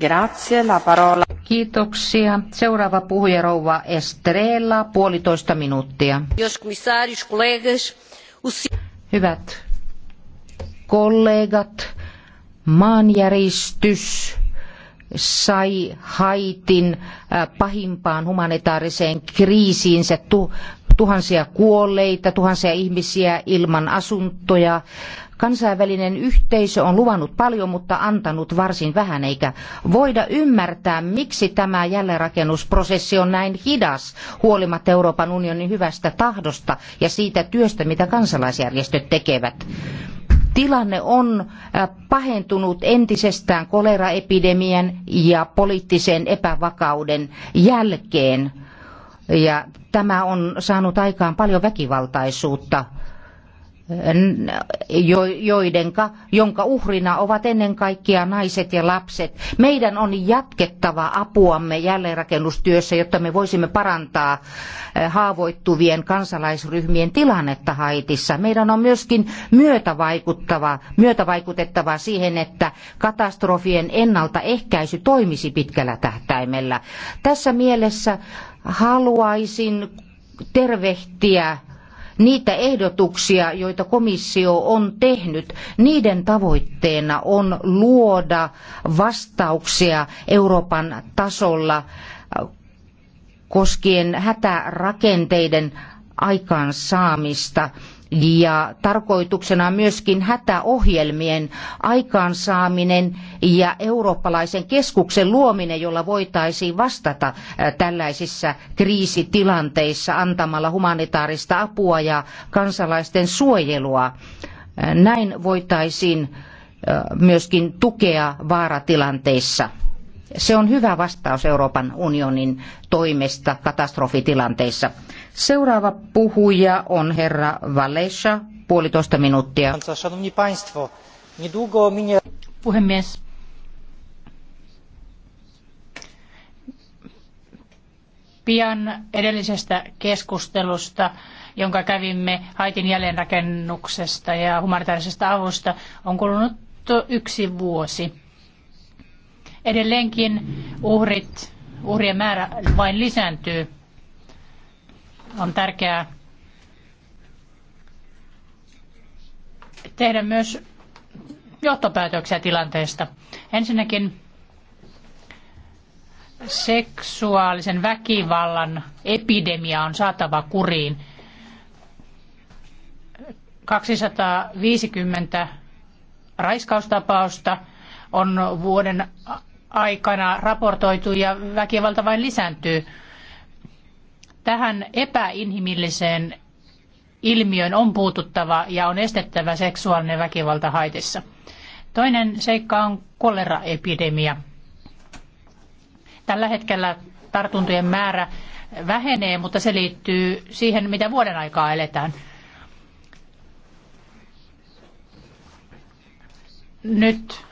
Grazie, la parola. Kiitoksia. Seuraava puhuja rouva Estrella, puolitoista minuuttia. Hyvät kollegat, maanjäristys sai Haitin äh, pahimpaan humanitaariseen kriisiinsä tuhansia kuolleita, tuhansia ihmisiä ilman asuntoja. Kansainvälinen yhteisö on luvannut paljon, mutta antanut varsin vähän, eikä voida ymmärtää, miksi tämä jälleenrakennusprosessi on näin hidas, huolimatta Euroopan unionin hyvästä tahdosta ja siitä työstä, mitä kansalaisjärjestöt tekevät Tilanne on pahentunut entisestään koleraepidemian ja poliittisen epävakauden jälkeen. Ja tämä on saanut aikaan paljon väkivaltaisuutta joidenka, jonka uhrina ovat ennen kaikkea naiset ja lapset. Meidän on jatkettava apuamme jälleenrakennustyössä, jotta me voisimme parantaa eh, haavoittuvien kansalaisryhmien tilannetta Haitissa. Meidän on myöskin myötävaikuttava, myötävaikutettava siihen, että katastrofien ennaltaehkäisy toimisi pitkällä tähtäimellä. Tässä mielessä haluaisin tervehtiä niitä ehdotuksia, joita komissio on tehnyt, niiden tavoitteena on luoda vastauksia Euroopan tasolla äh, koskien hätärakenteiden aikaansaamista ja tarkoituksena on myöskin hätäohjelmien aikaansaaminen ja eurooppalaisen keskuksen luominen, jolla voitaisiin vastata tällaisissa kriisitilanteissa antamalla humanitaarista apua ja kansalaisten suojelua. Näin voitaisiin myöskin tukea vaaratilanteissa. Se on hyvä vastaus Euroopan unionin toimesta katastrofitilanteissa. Seuraava puhuja on herra Valesha, puolitoista minuuttia. Puhemies. Pian edellisestä keskustelusta, jonka kävimme Haitin jälleenrakennuksesta ja humanitaarisesta avusta, on kulunut yksi vuosi. Edelleenkin uhrit, uhrien määrä vain lisääntyy on tärkeää tehdä myös johtopäätöksiä tilanteesta. Ensinnäkin seksuaalisen väkivallan epidemia on saatava kuriin. 250 raiskaustapausta on vuoden aikana raportoitu ja väkivalta vain lisääntyy. Tähän epäinhimilliseen ilmiön on puututtava ja on estettävä seksuaalinen väkivalta haitissa. Toinen seikka on koleraepidemia. Tällä hetkellä tartuntojen määrä vähenee, mutta se liittyy siihen, mitä vuoden aikaa eletään. Nyt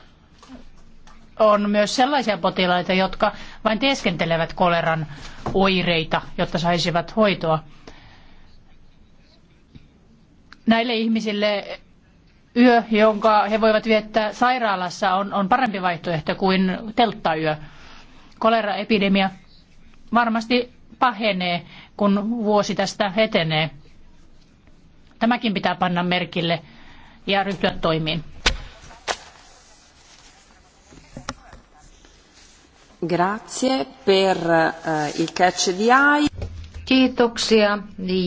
on myös sellaisia potilaita, jotka vain teeskentelevät koleran oireita, jotta saisivat hoitoa. Näille ihmisille yö, jonka he voivat viettää sairaalassa, on, on parempi vaihtoehto kuin telttayö. Koleraepidemia varmasti pahenee, kun vuosi tästä etenee. Tämäkin pitää panna merkille ja ryhtyä toimiin. Grazie per eh, il catch the eye. Kiitoksia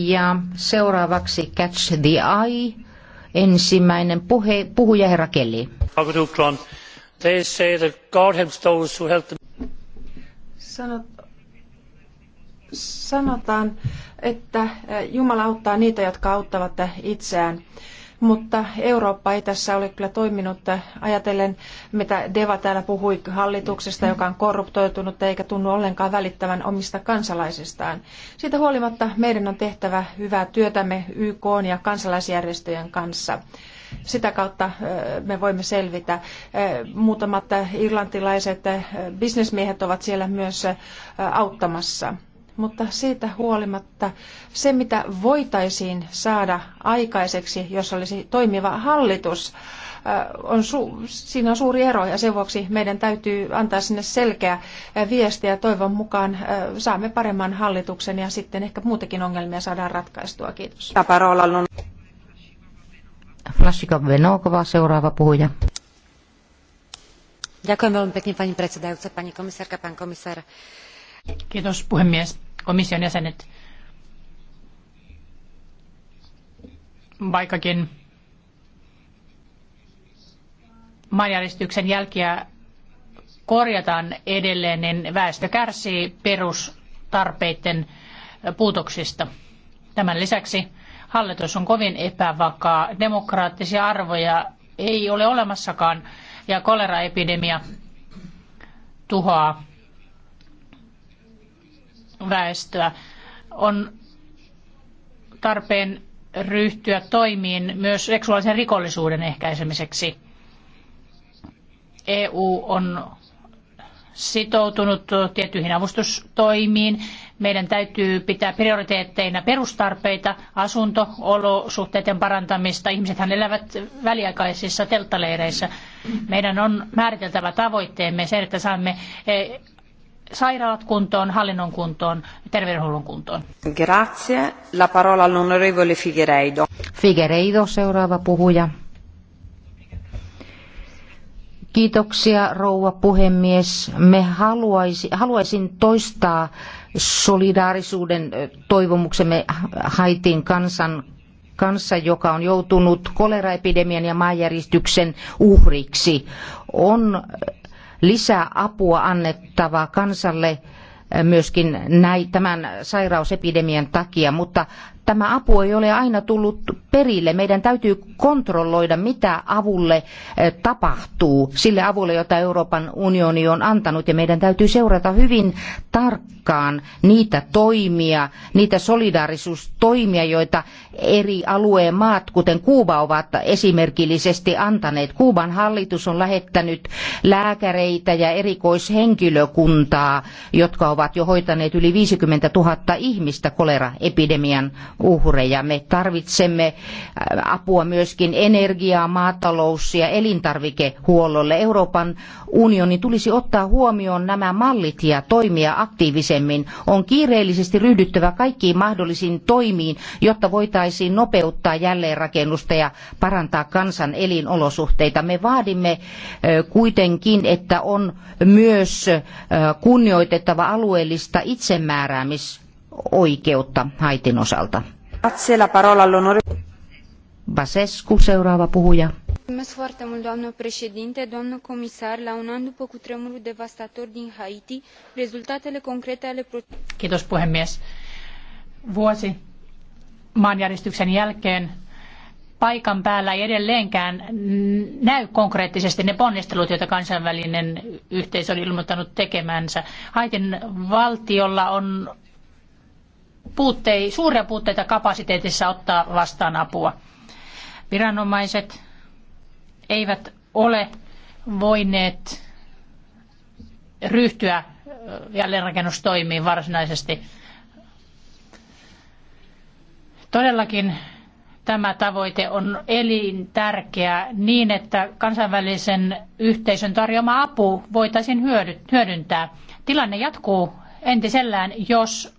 ja seuraavaksi catch the eye. Ensimmäinen puhe, puhuja herra Kelly. They say that God helps those who help them. Sanot, sanotaan, että eh, Jumala auttaa niitä, jotka auttavat itseään mutta Eurooppa ei tässä ole kyllä toiminut ajatellen, mitä Deva täällä puhui hallituksesta, joka on korruptoitunut eikä tunnu ollenkaan välittävän omista kansalaisistaan. Siitä huolimatta meidän on tehtävä hyvää työtämme YK ja kansalaisjärjestöjen kanssa sitä kautta me voimme selvitä. Muutamat irlantilaiset bisnesmiehet ovat siellä myös auttamassa mutta siitä huolimatta se, mitä voitaisiin saada aikaiseksi, jos olisi toimiva hallitus, äh, on su- siinä on suuri ero ja sen vuoksi meidän täytyy antaa sinne selkeä äh, viesti ja toivon mukaan äh, saamme paremman hallituksen ja sitten ehkä muutakin ongelmia saadaan ratkaistua. Kiitos. Flašika Venokova, seuraava puhuja. Ďakujem veľmi pekne, pani predsedajúca, pani komisárka, pán komisár. Kiitos puhemies komission jäsenet. Vaikkakin maanjäristyksen jälkiä korjataan edelleen, niin väestö kärsii perustarpeiden puutoksista. Tämän lisäksi hallitus on kovin epävakaa. Demokraattisia arvoja ei ole olemassakaan ja koleraepidemia tuhoaa väestöä. On tarpeen ryhtyä toimiin myös seksuaalisen rikollisuuden ehkäisemiseksi. EU on sitoutunut tiettyihin avustustoimiin. Meidän täytyy pitää prioriteetteina perustarpeita, asunto, olosuhteiden parantamista. Ihmisethän elävät väliaikaisissa telttaleireissä. Meidän on määriteltävä tavoitteemme se, että saamme sairaalat kuntoon, hallinnon kuntoon, terveydenhuollon kuntoon. Grazie. La parola all'onorevole Figueiredo. Figueiredo, seuraava puhuja. Kiitoksia, rouva puhemies. Me haluaisi, haluaisin toistaa solidaarisuuden toivomuksemme Haitin kansan kanssa, joka on joutunut koleraepidemian ja maanjäristyksen uhriksi. On lisää apua annettava kansalle myöskin näin, tämän sairausepidemian takia, mutta tämä apu ei ole aina tullut perille. Meidän täytyy kontrolloida, mitä avulle eh, tapahtuu, sille avulle, jota Euroopan unioni on antanut. Ja meidän täytyy seurata hyvin tarkkaan niitä toimia, niitä solidaarisuustoimia, joita eri alueen maat, kuten Kuuba, ovat esimerkillisesti antaneet. Kuuban hallitus on lähettänyt lääkäreitä ja erikoishenkilökuntaa, jotka ovat jo hoitaneet yli 50 000 ihmistä koleraepidemian uhreja. Me tarvitsemme äh, apua myöskin energiaa, maatalous ja elintarvikehuollolle. Euroopan unionin tulisi ottaa huomioon nämä mallit ja toimia aktiivisemmin. On kiireellisesti ryhdyttävä kaikkiin mahdollisiin toimiin, jotta voitaisiin nopeuttaa jälleenrakennusta ja parantaa kansan elinolosuhteita. Me vaadimme äh, kuitenkin, että on myös äh, kunnioitettava alueellista itsemääräämis oikeutta Haitin osalta. Basescu, seuraava puhuja. Mulțumesc foarte mult, doamnă președinte, doamnă comisar. La un an după cutremurul devastator din Haiti, rezultatele concrete ale... Kiitos puhemies. Vuosi maanjäristyksen jälkeen paikan päällä ei edelleenkään näy konkreettisesti ne ponnistelut, joita kansainvälinen yhteisö on ilmoittanut tekemänsä. Haitin valtiolla on suuria puutteita kapasiteetissa ottaa vastaan apua. Viranomaiset eivät ole voineet ryhtyä jälleenrakennustoimiin varsinaisesti. Todellakin tämä tavoite on elintärkeä niin, että kansainvälisen yhteisön tarjoama apu voitaisiin hyödyntää. Tilanne jatkuu entisellään, jos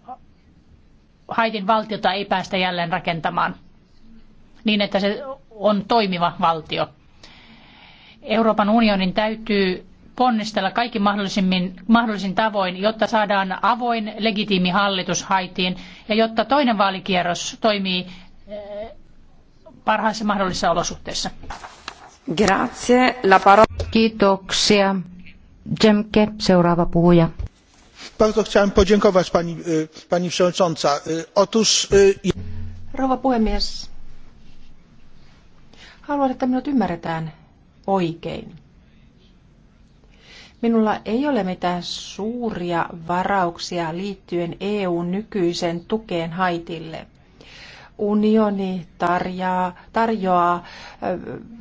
Haitin valtiota ei päästä jälleen rakentamaan niin, että se on toimiva valtio. Euroopan unionin täytyy ponnistella kaikki mahdollisimmin, mahdollisin tavoin, jotta saadaan avoin, legitiimi hallitus Haitiin ja jotta toinen vaalikierros toimii eh, parhaissa mahdollisissa olosuhteissa. Grazie. La Kiitoksia. Jemke, seuraava puhuja bardzo chciałem podziękować pani przewodnicząca. otóż rouva puhemies haluan että minut ymmärretään oikein. Minulla ei ole mitään suuria varauksia liittyen EUn nykyiseen tukeen Haitille – unioni tarjaa, tarjoaa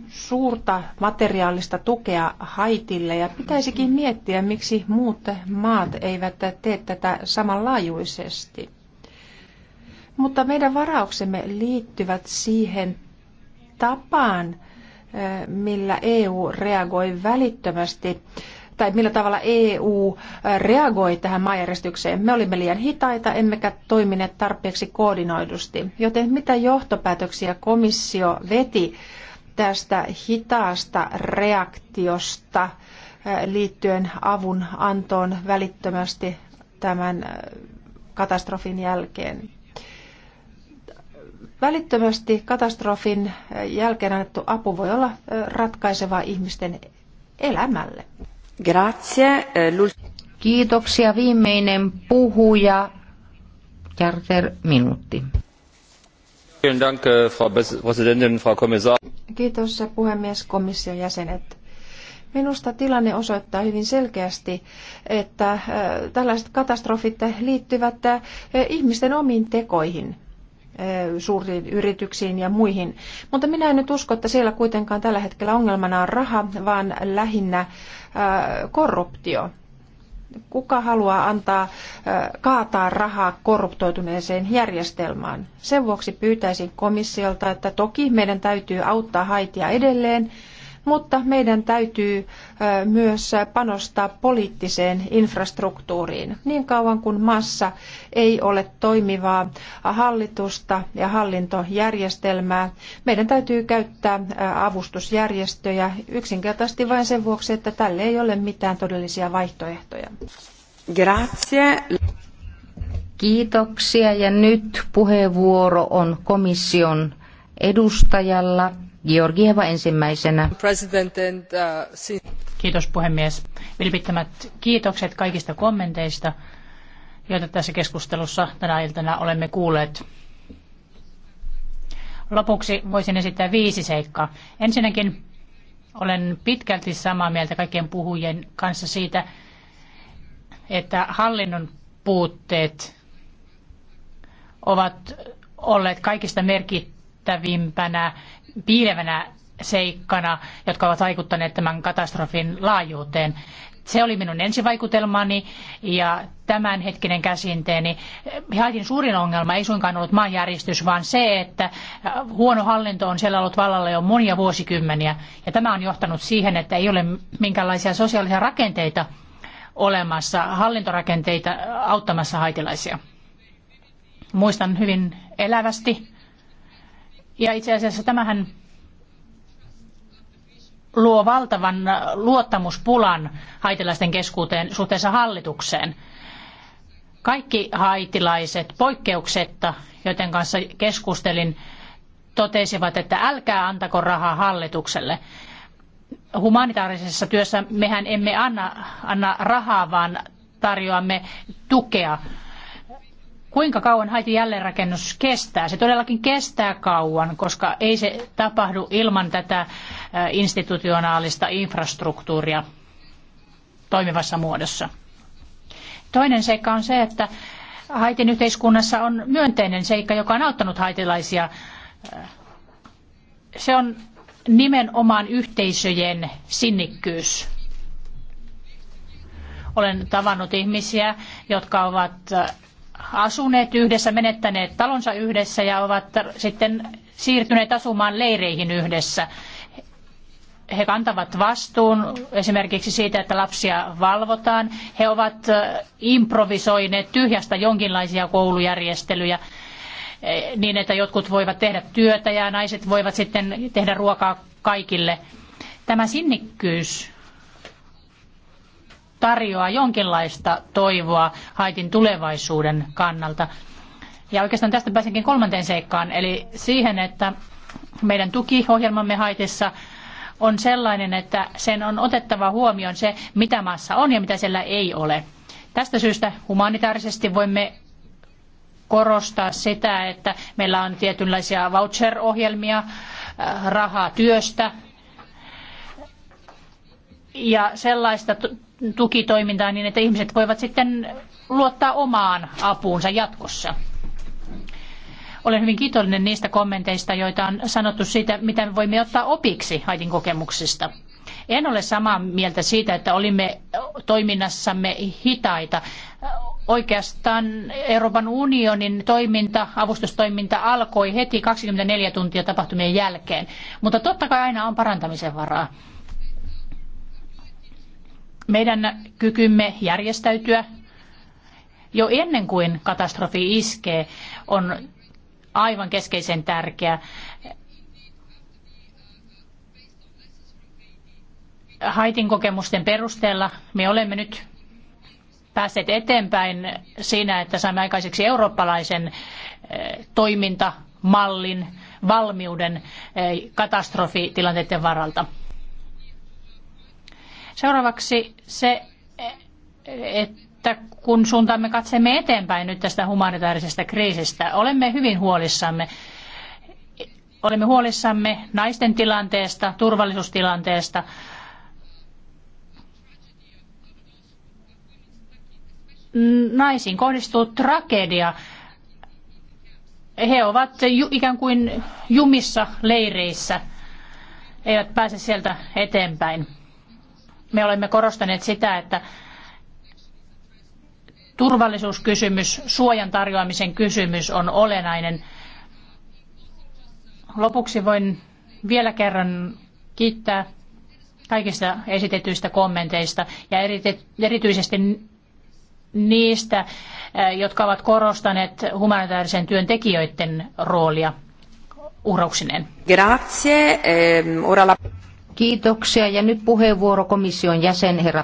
suurta materiaalista tukea Haitille ja pitäisikin miettiä, miksi muut maat eivät tee tätä samanlaajuisesti. Mutta meidän varauksemme liittyvät siihen tapaan, millä EU reagoi välittömästi tai millä tavalla EU reagoi tähän maanjärjestykseen. Me olimme liian hitaita, emmekä toimineet tarpeeksi koordinoidusti. Joten mitä johtopäätöksiä komissio veti tästä hitaasta reaktiosta liittyen avun antoon välittömästi tämän katastrofin jälkeen? Välittömästi katastrofin jälkeen annettu apu voi olla ratkaiseva ihmisten elämälle. Grazie. Eh, Kiitoksia. Viimeinen puhuja, Jarter, minuutti. Äh, Kiitos äh, puhemies, komission jäsenet. Minusta tilanne osoittaa hyvin selkeästi, että äh, tällaiset katastrofit liittyvät ihmisten omiin tekoihin suuriin yrityksiin ja muihin. Mutta minä en nyt usko, että siellä kuitenkaan tällä hetkellä ongelmana on raha, vaan lähinnä korruptio. Kuka haluaa antaa kaataa rahaa korruptoituneeseen järjestelmään? Sen vuoksi pyytäisin komissiolta, että toki meidän täytyy auttaa Haitia edelleen, mutta meidän täytyy myös panostaa poliittiseen infrastruktuuriin niin kauan kuin maassa ei ole toimivaa hallitusta ja hallintojärjestelmää. Meidän täytyy käyttää avustusjärjestöjä yksinkertaisesti vain sen vuoksi, että tälle ei ole mitään todellisia vaihtoehtoja. Grazie. Kiitoksia ja nyt puheenvuoro on komission edustajalla. Georgieva ensimmäisenä. Uh, Kiitos puhemies. Vilpittömät kiitokset kaikista kommenteista, joita tässä keskustelussa tänä iltana olemme kuulleet. Lopuksi voisin esittää viisi seikkaa. Ensinnäkin olen pitkälti samaa mieltä kaikkien puhujien kanssa siitä, että hallinnon puutteet ovat olleet kaikista merkittäviä merkittävimpänä piilevänä seikkana, jotka ovat vaikuttaneet tämän katastrofin laajuuteen. Se oli minun ensivaikutelmani ja tämänhetkinen käsinteeni. Haitin suurin ongelma ei suinkaan ollut maanjäristys, vaan se, että huono hallinto on siellä ollut vallalla jo monia vuosikymmeniä. Ja tämä on johtanut siihen, että ei ole minkäänlaisia sosiaalisia rakenteita olemassa, hallintorakenteita auttamassa haitilaisia. Muistan hyvin elävästi ja itse asiassa tämähän luo valtavan luottamuspulan haitilaisten keskuuteen suhteessa hallitukseen. Kaikki haitilaiset poikkeuksetta, joiden kanssa keskustelin, totesivat, että älkää antako rahaa hallitukselle. Humanitaarisessa työssä mehän emme anna, anna rahaa, vaan tarjoamme tukea kuinka kauan Haitin jälleenrakennus kestää. Se todellakin kestää kauan, koska ei se tapahdu ilman tätä institutionaalista infrastruktuuria toimivassa muodossa. Toinen seikka on se, että Haitin yhteiskunnassa on myönteinen seikka, joka on auttanut haitilaisia. Se on nimenomaan yhteisöjen sinnikkyys. Olen tavannut ihmisiä, jotka ovat asuneet yhdessä, menettäneet talonsa yhdessä ja ovat sitten siirtyneet asumaan leireihin yhdessä. He kantavat vastuun esimerkiksi siitä, että lapsia valvotaan. He ovat improvisoineet tyhjästä jonkinlaisia koulujärjestelyjä e, niin, että jotkut voivat tehdä työtä ja naiset voivat sitten tehdä ruokaa kaikille. Tämä sinnikkyys tarjoaa jonkinlaista toivoa Haitin tulevaisuuden kannalta. Ja oikeastaan tästä pääsenkin kolmanteen seikkaan, eli siihen, että meidän tukiohjelmamme Haitissa on sellainen, että sen on otettava huomioon se, mitä maassa on ja mitä siellä ei ole. Tästä syystä humanitaarisesti voimme korostaa sitä, että meillä on tietynlaisia voucher-ohjelmia, äh, rahaa työstä ja sellaista tukitoimintaa niin, että ihmiset voivat sitten luottaa omaan apuunsa jatkossa. Olen hyvin kiitollinen niistä kommenteista, joita on sanottu siitä, mitä me voimme ottaa opiksi Haitin kokemuksista. En ole samaa mieltä siitä, että olimme toiminnassamme hitaita. Oikeastaan Euroopan unionin toiminta, avustustoiminta alkoi heti 24 tuntia tapahtumien jälkeen, mutta totta kai aina on parantamisen varaa meidän kykymme järjestäytyä jo ennen kuin katastrofi iskee on aivan keskeisen tärkeä. Haitin kokemusten perusteella me olemme nyt päässeet eteenpäin siinä, että saimme aikaiseksi eurooppalaisen eh, toimintamallin, valmiuden eh, katastrofitilanteiden varalta. Seuraavaksi se, että kun suuntaamme katseemme eteenpäin nyt tästä humanitaarisesta kriisistä, olemme hyvin huolissamme. Olemme huolissamme naisten tilanteesta, turvallisuustilanteesta, naisiin kohdistuu tragedia. He ovat ikään kuin jumissa leireissä, eivät pääse sieltä eteenpäin. Me olemme korostaneet sitä, että turvallisuuskysymys, suojan tarjoamisen kysymys on olennainen. Lopuksi voin vielä kerran kiittää kaikista esitetyistä kommenteista ja erityisesti niistä, eh, jotka ovat korostaneet humanitaarisen työn tekijöiden roolia uhrauksineen. Grazie. Ehm, ora la... Kiitoksia ja nyt puheenvuoro komission jäsen herra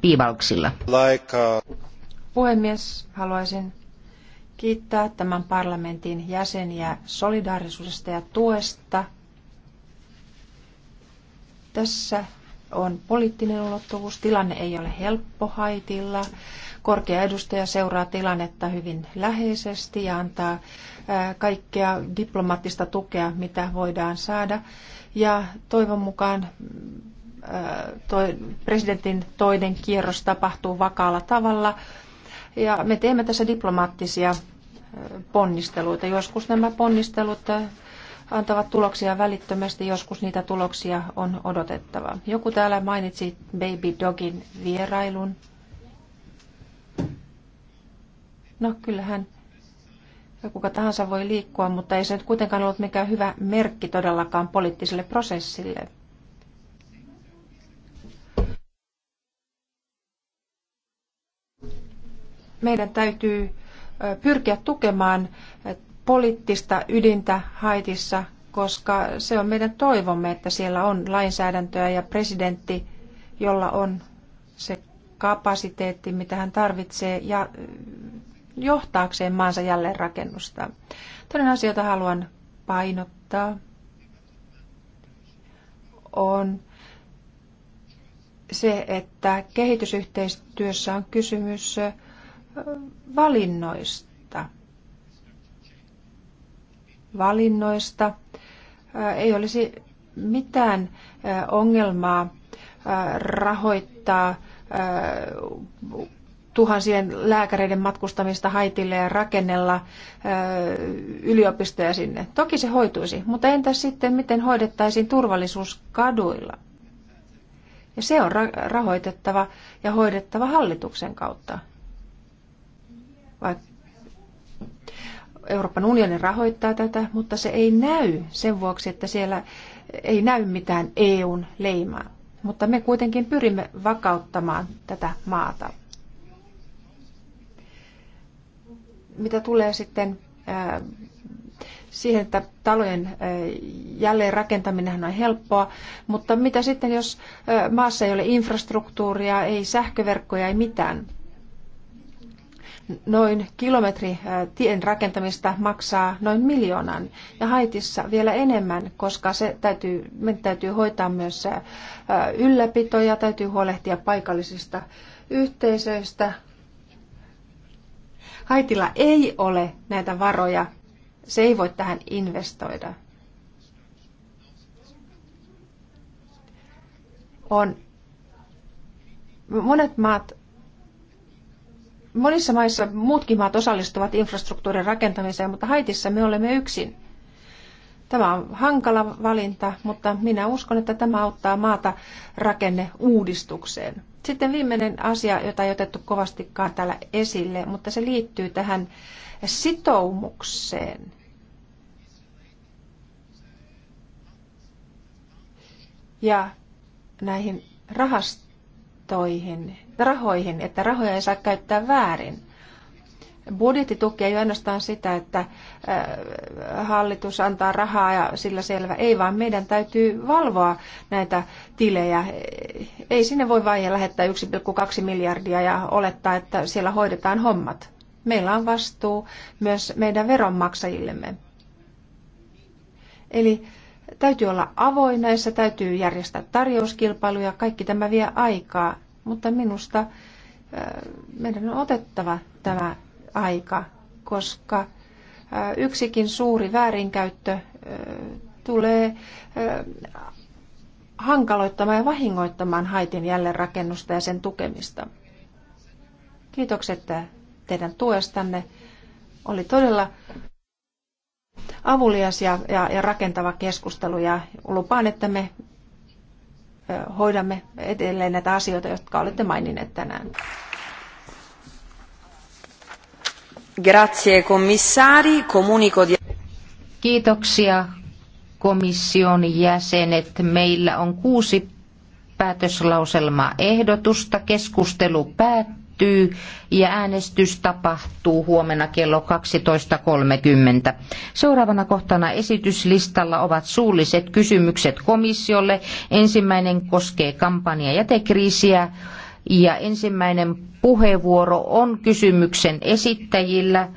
Piivalksilla. Like a... Puhemies, haluaisin kiittää tämän parlamentin jäseniä solidaarisuudesta ja tuesta. Tässä on poliittinen ulottuvuus. Tilanne ei ole helppo Haitilla. Korkea edustaja seuraa tilannetta hyvin läheisesti ja antaa kaikkea diplomaattista tukea, mitä voidaan saada ja toivon mukaan toi, presidentin toinen kierros tapahtuu vakaalla tavalla. Ja me teemme tässä diplomaattisia ponnisteluita. Joskus nämä ponnistelut antavat tuloksia välittömästi, joskus niitä tuloksia on odotettava. Joku täällä mainitsi Baby Dogin vierailun. No kyllähän kuka tahansa voi liikkua, mutta ei se nyt kuitenkaan ollut mikään hyvä merkki todellakaan poliittiselle prosessille. Meidän täytyy pyrkiä tukemaan poliittista ydintä Haitissa, koska se on meidän toivomme, että siellä on lainsäädäntöä ja presidentti, jolla on se kapasiteetti, mitä hän tarvitsee, ja johtaakseen maansa jälleenrakennusta. Toinen asia, jota haluan painottaa, on se, että kehitysyhteistyössä on kysymys valinnoista. Valinnoista ei olisi mitään ongelmaa rahoittaa tuhansien lääkäreiden matkustamista Haitille ja rakennella yliopistoja sinne. Toki se hoituisi, mutta entä sitten miten hoidettaisiin turvallisuus kaduilla? Ja se on rahoitettava ja hoidettava hallituksen kautta. Vai? Euroopan unioni rahoittaa tätä, mutta se ei näy sen vuoksi, että siellä ei näy mitään EUn leimaa. Mutta me kuitenkin pyrimme vakauttamaan tätä maata. mitä tulee sitten siihen, että talojen jälleenrakentaminen on helppoa, mutta mitä sitten, jos maassa ei ole infrastruktuuria, ei sähköverkkoja, ei mitään? Noin kilometri tien rakentamista maksaa noin miljoonan ja Haitissa vielä enemmän, koska se täytyy, me täytyy hoitaa myös ylläpitoja, täytyy huolehtia paikallisista yhteisöistä, Haitilla ei ole näitä varoja. Se ei voi tähän investoida. On monet maat Monissa maissa muutkin maat osallistuvat infrastruktuurin rakentamiseen, mutta Haitissa me olemme yksin. Tämä on hankala valinta, mutta minä uskon, että tämä auttaa maata rakenne uudistukseen. Sitten viimeinen asia, jota ei otettu kovastikaan täällä esille, mutta se liittyy tähän sitoumukseen. Ja näihin rahastoihin, rahoihin, että rahoja ei saa käyttää väärin. Budjetti tukee ainoastaan sitä, että äh, hallitus antaa rahaa ja sillä selvä. Ei vaan meidän täytyy valvoa näitä tilejä. Ei sinne voi vain lähettää 1,2 miljardia ja olettaa, että siellä hoidetaan hommat. Meillä on vastuu myös meidän veronmaksajillemme. Eli täytyy olla avoin näissä, täytyy järjestää tarjouskilpailuja, kaikki tämä vie aikaa, mutta minusta äh, meidän on otettava tämä aika, koska yksikin suuri väärinkäyttö tulee hankaloittamaan ja vahingoittamaan Haitin jälleenrakennusta ja sen tukemista. Kiitokset teidän tuestanne. Oli todella avulias ja, ja, ja rakentava keskustelu ja lupaan, että me hoidamme edelleen näitä asioita, jotka olette maininneet tänään. Grazie, Kiitoksia komission jäsenet. Meillä on kuusi päätöslauselmaa ehdotusta. Keskustelu päättyy ja äänestys tapahtuu huomenna kello 12.30. Seuraavana kohtana esityslistalla ovat suulliset kysymykset komissiolle. Ensimmäinen koskee kampanja jätekriisiä. Ja ensimmäinen puheenvuoro on kysymyksen esittäjillä.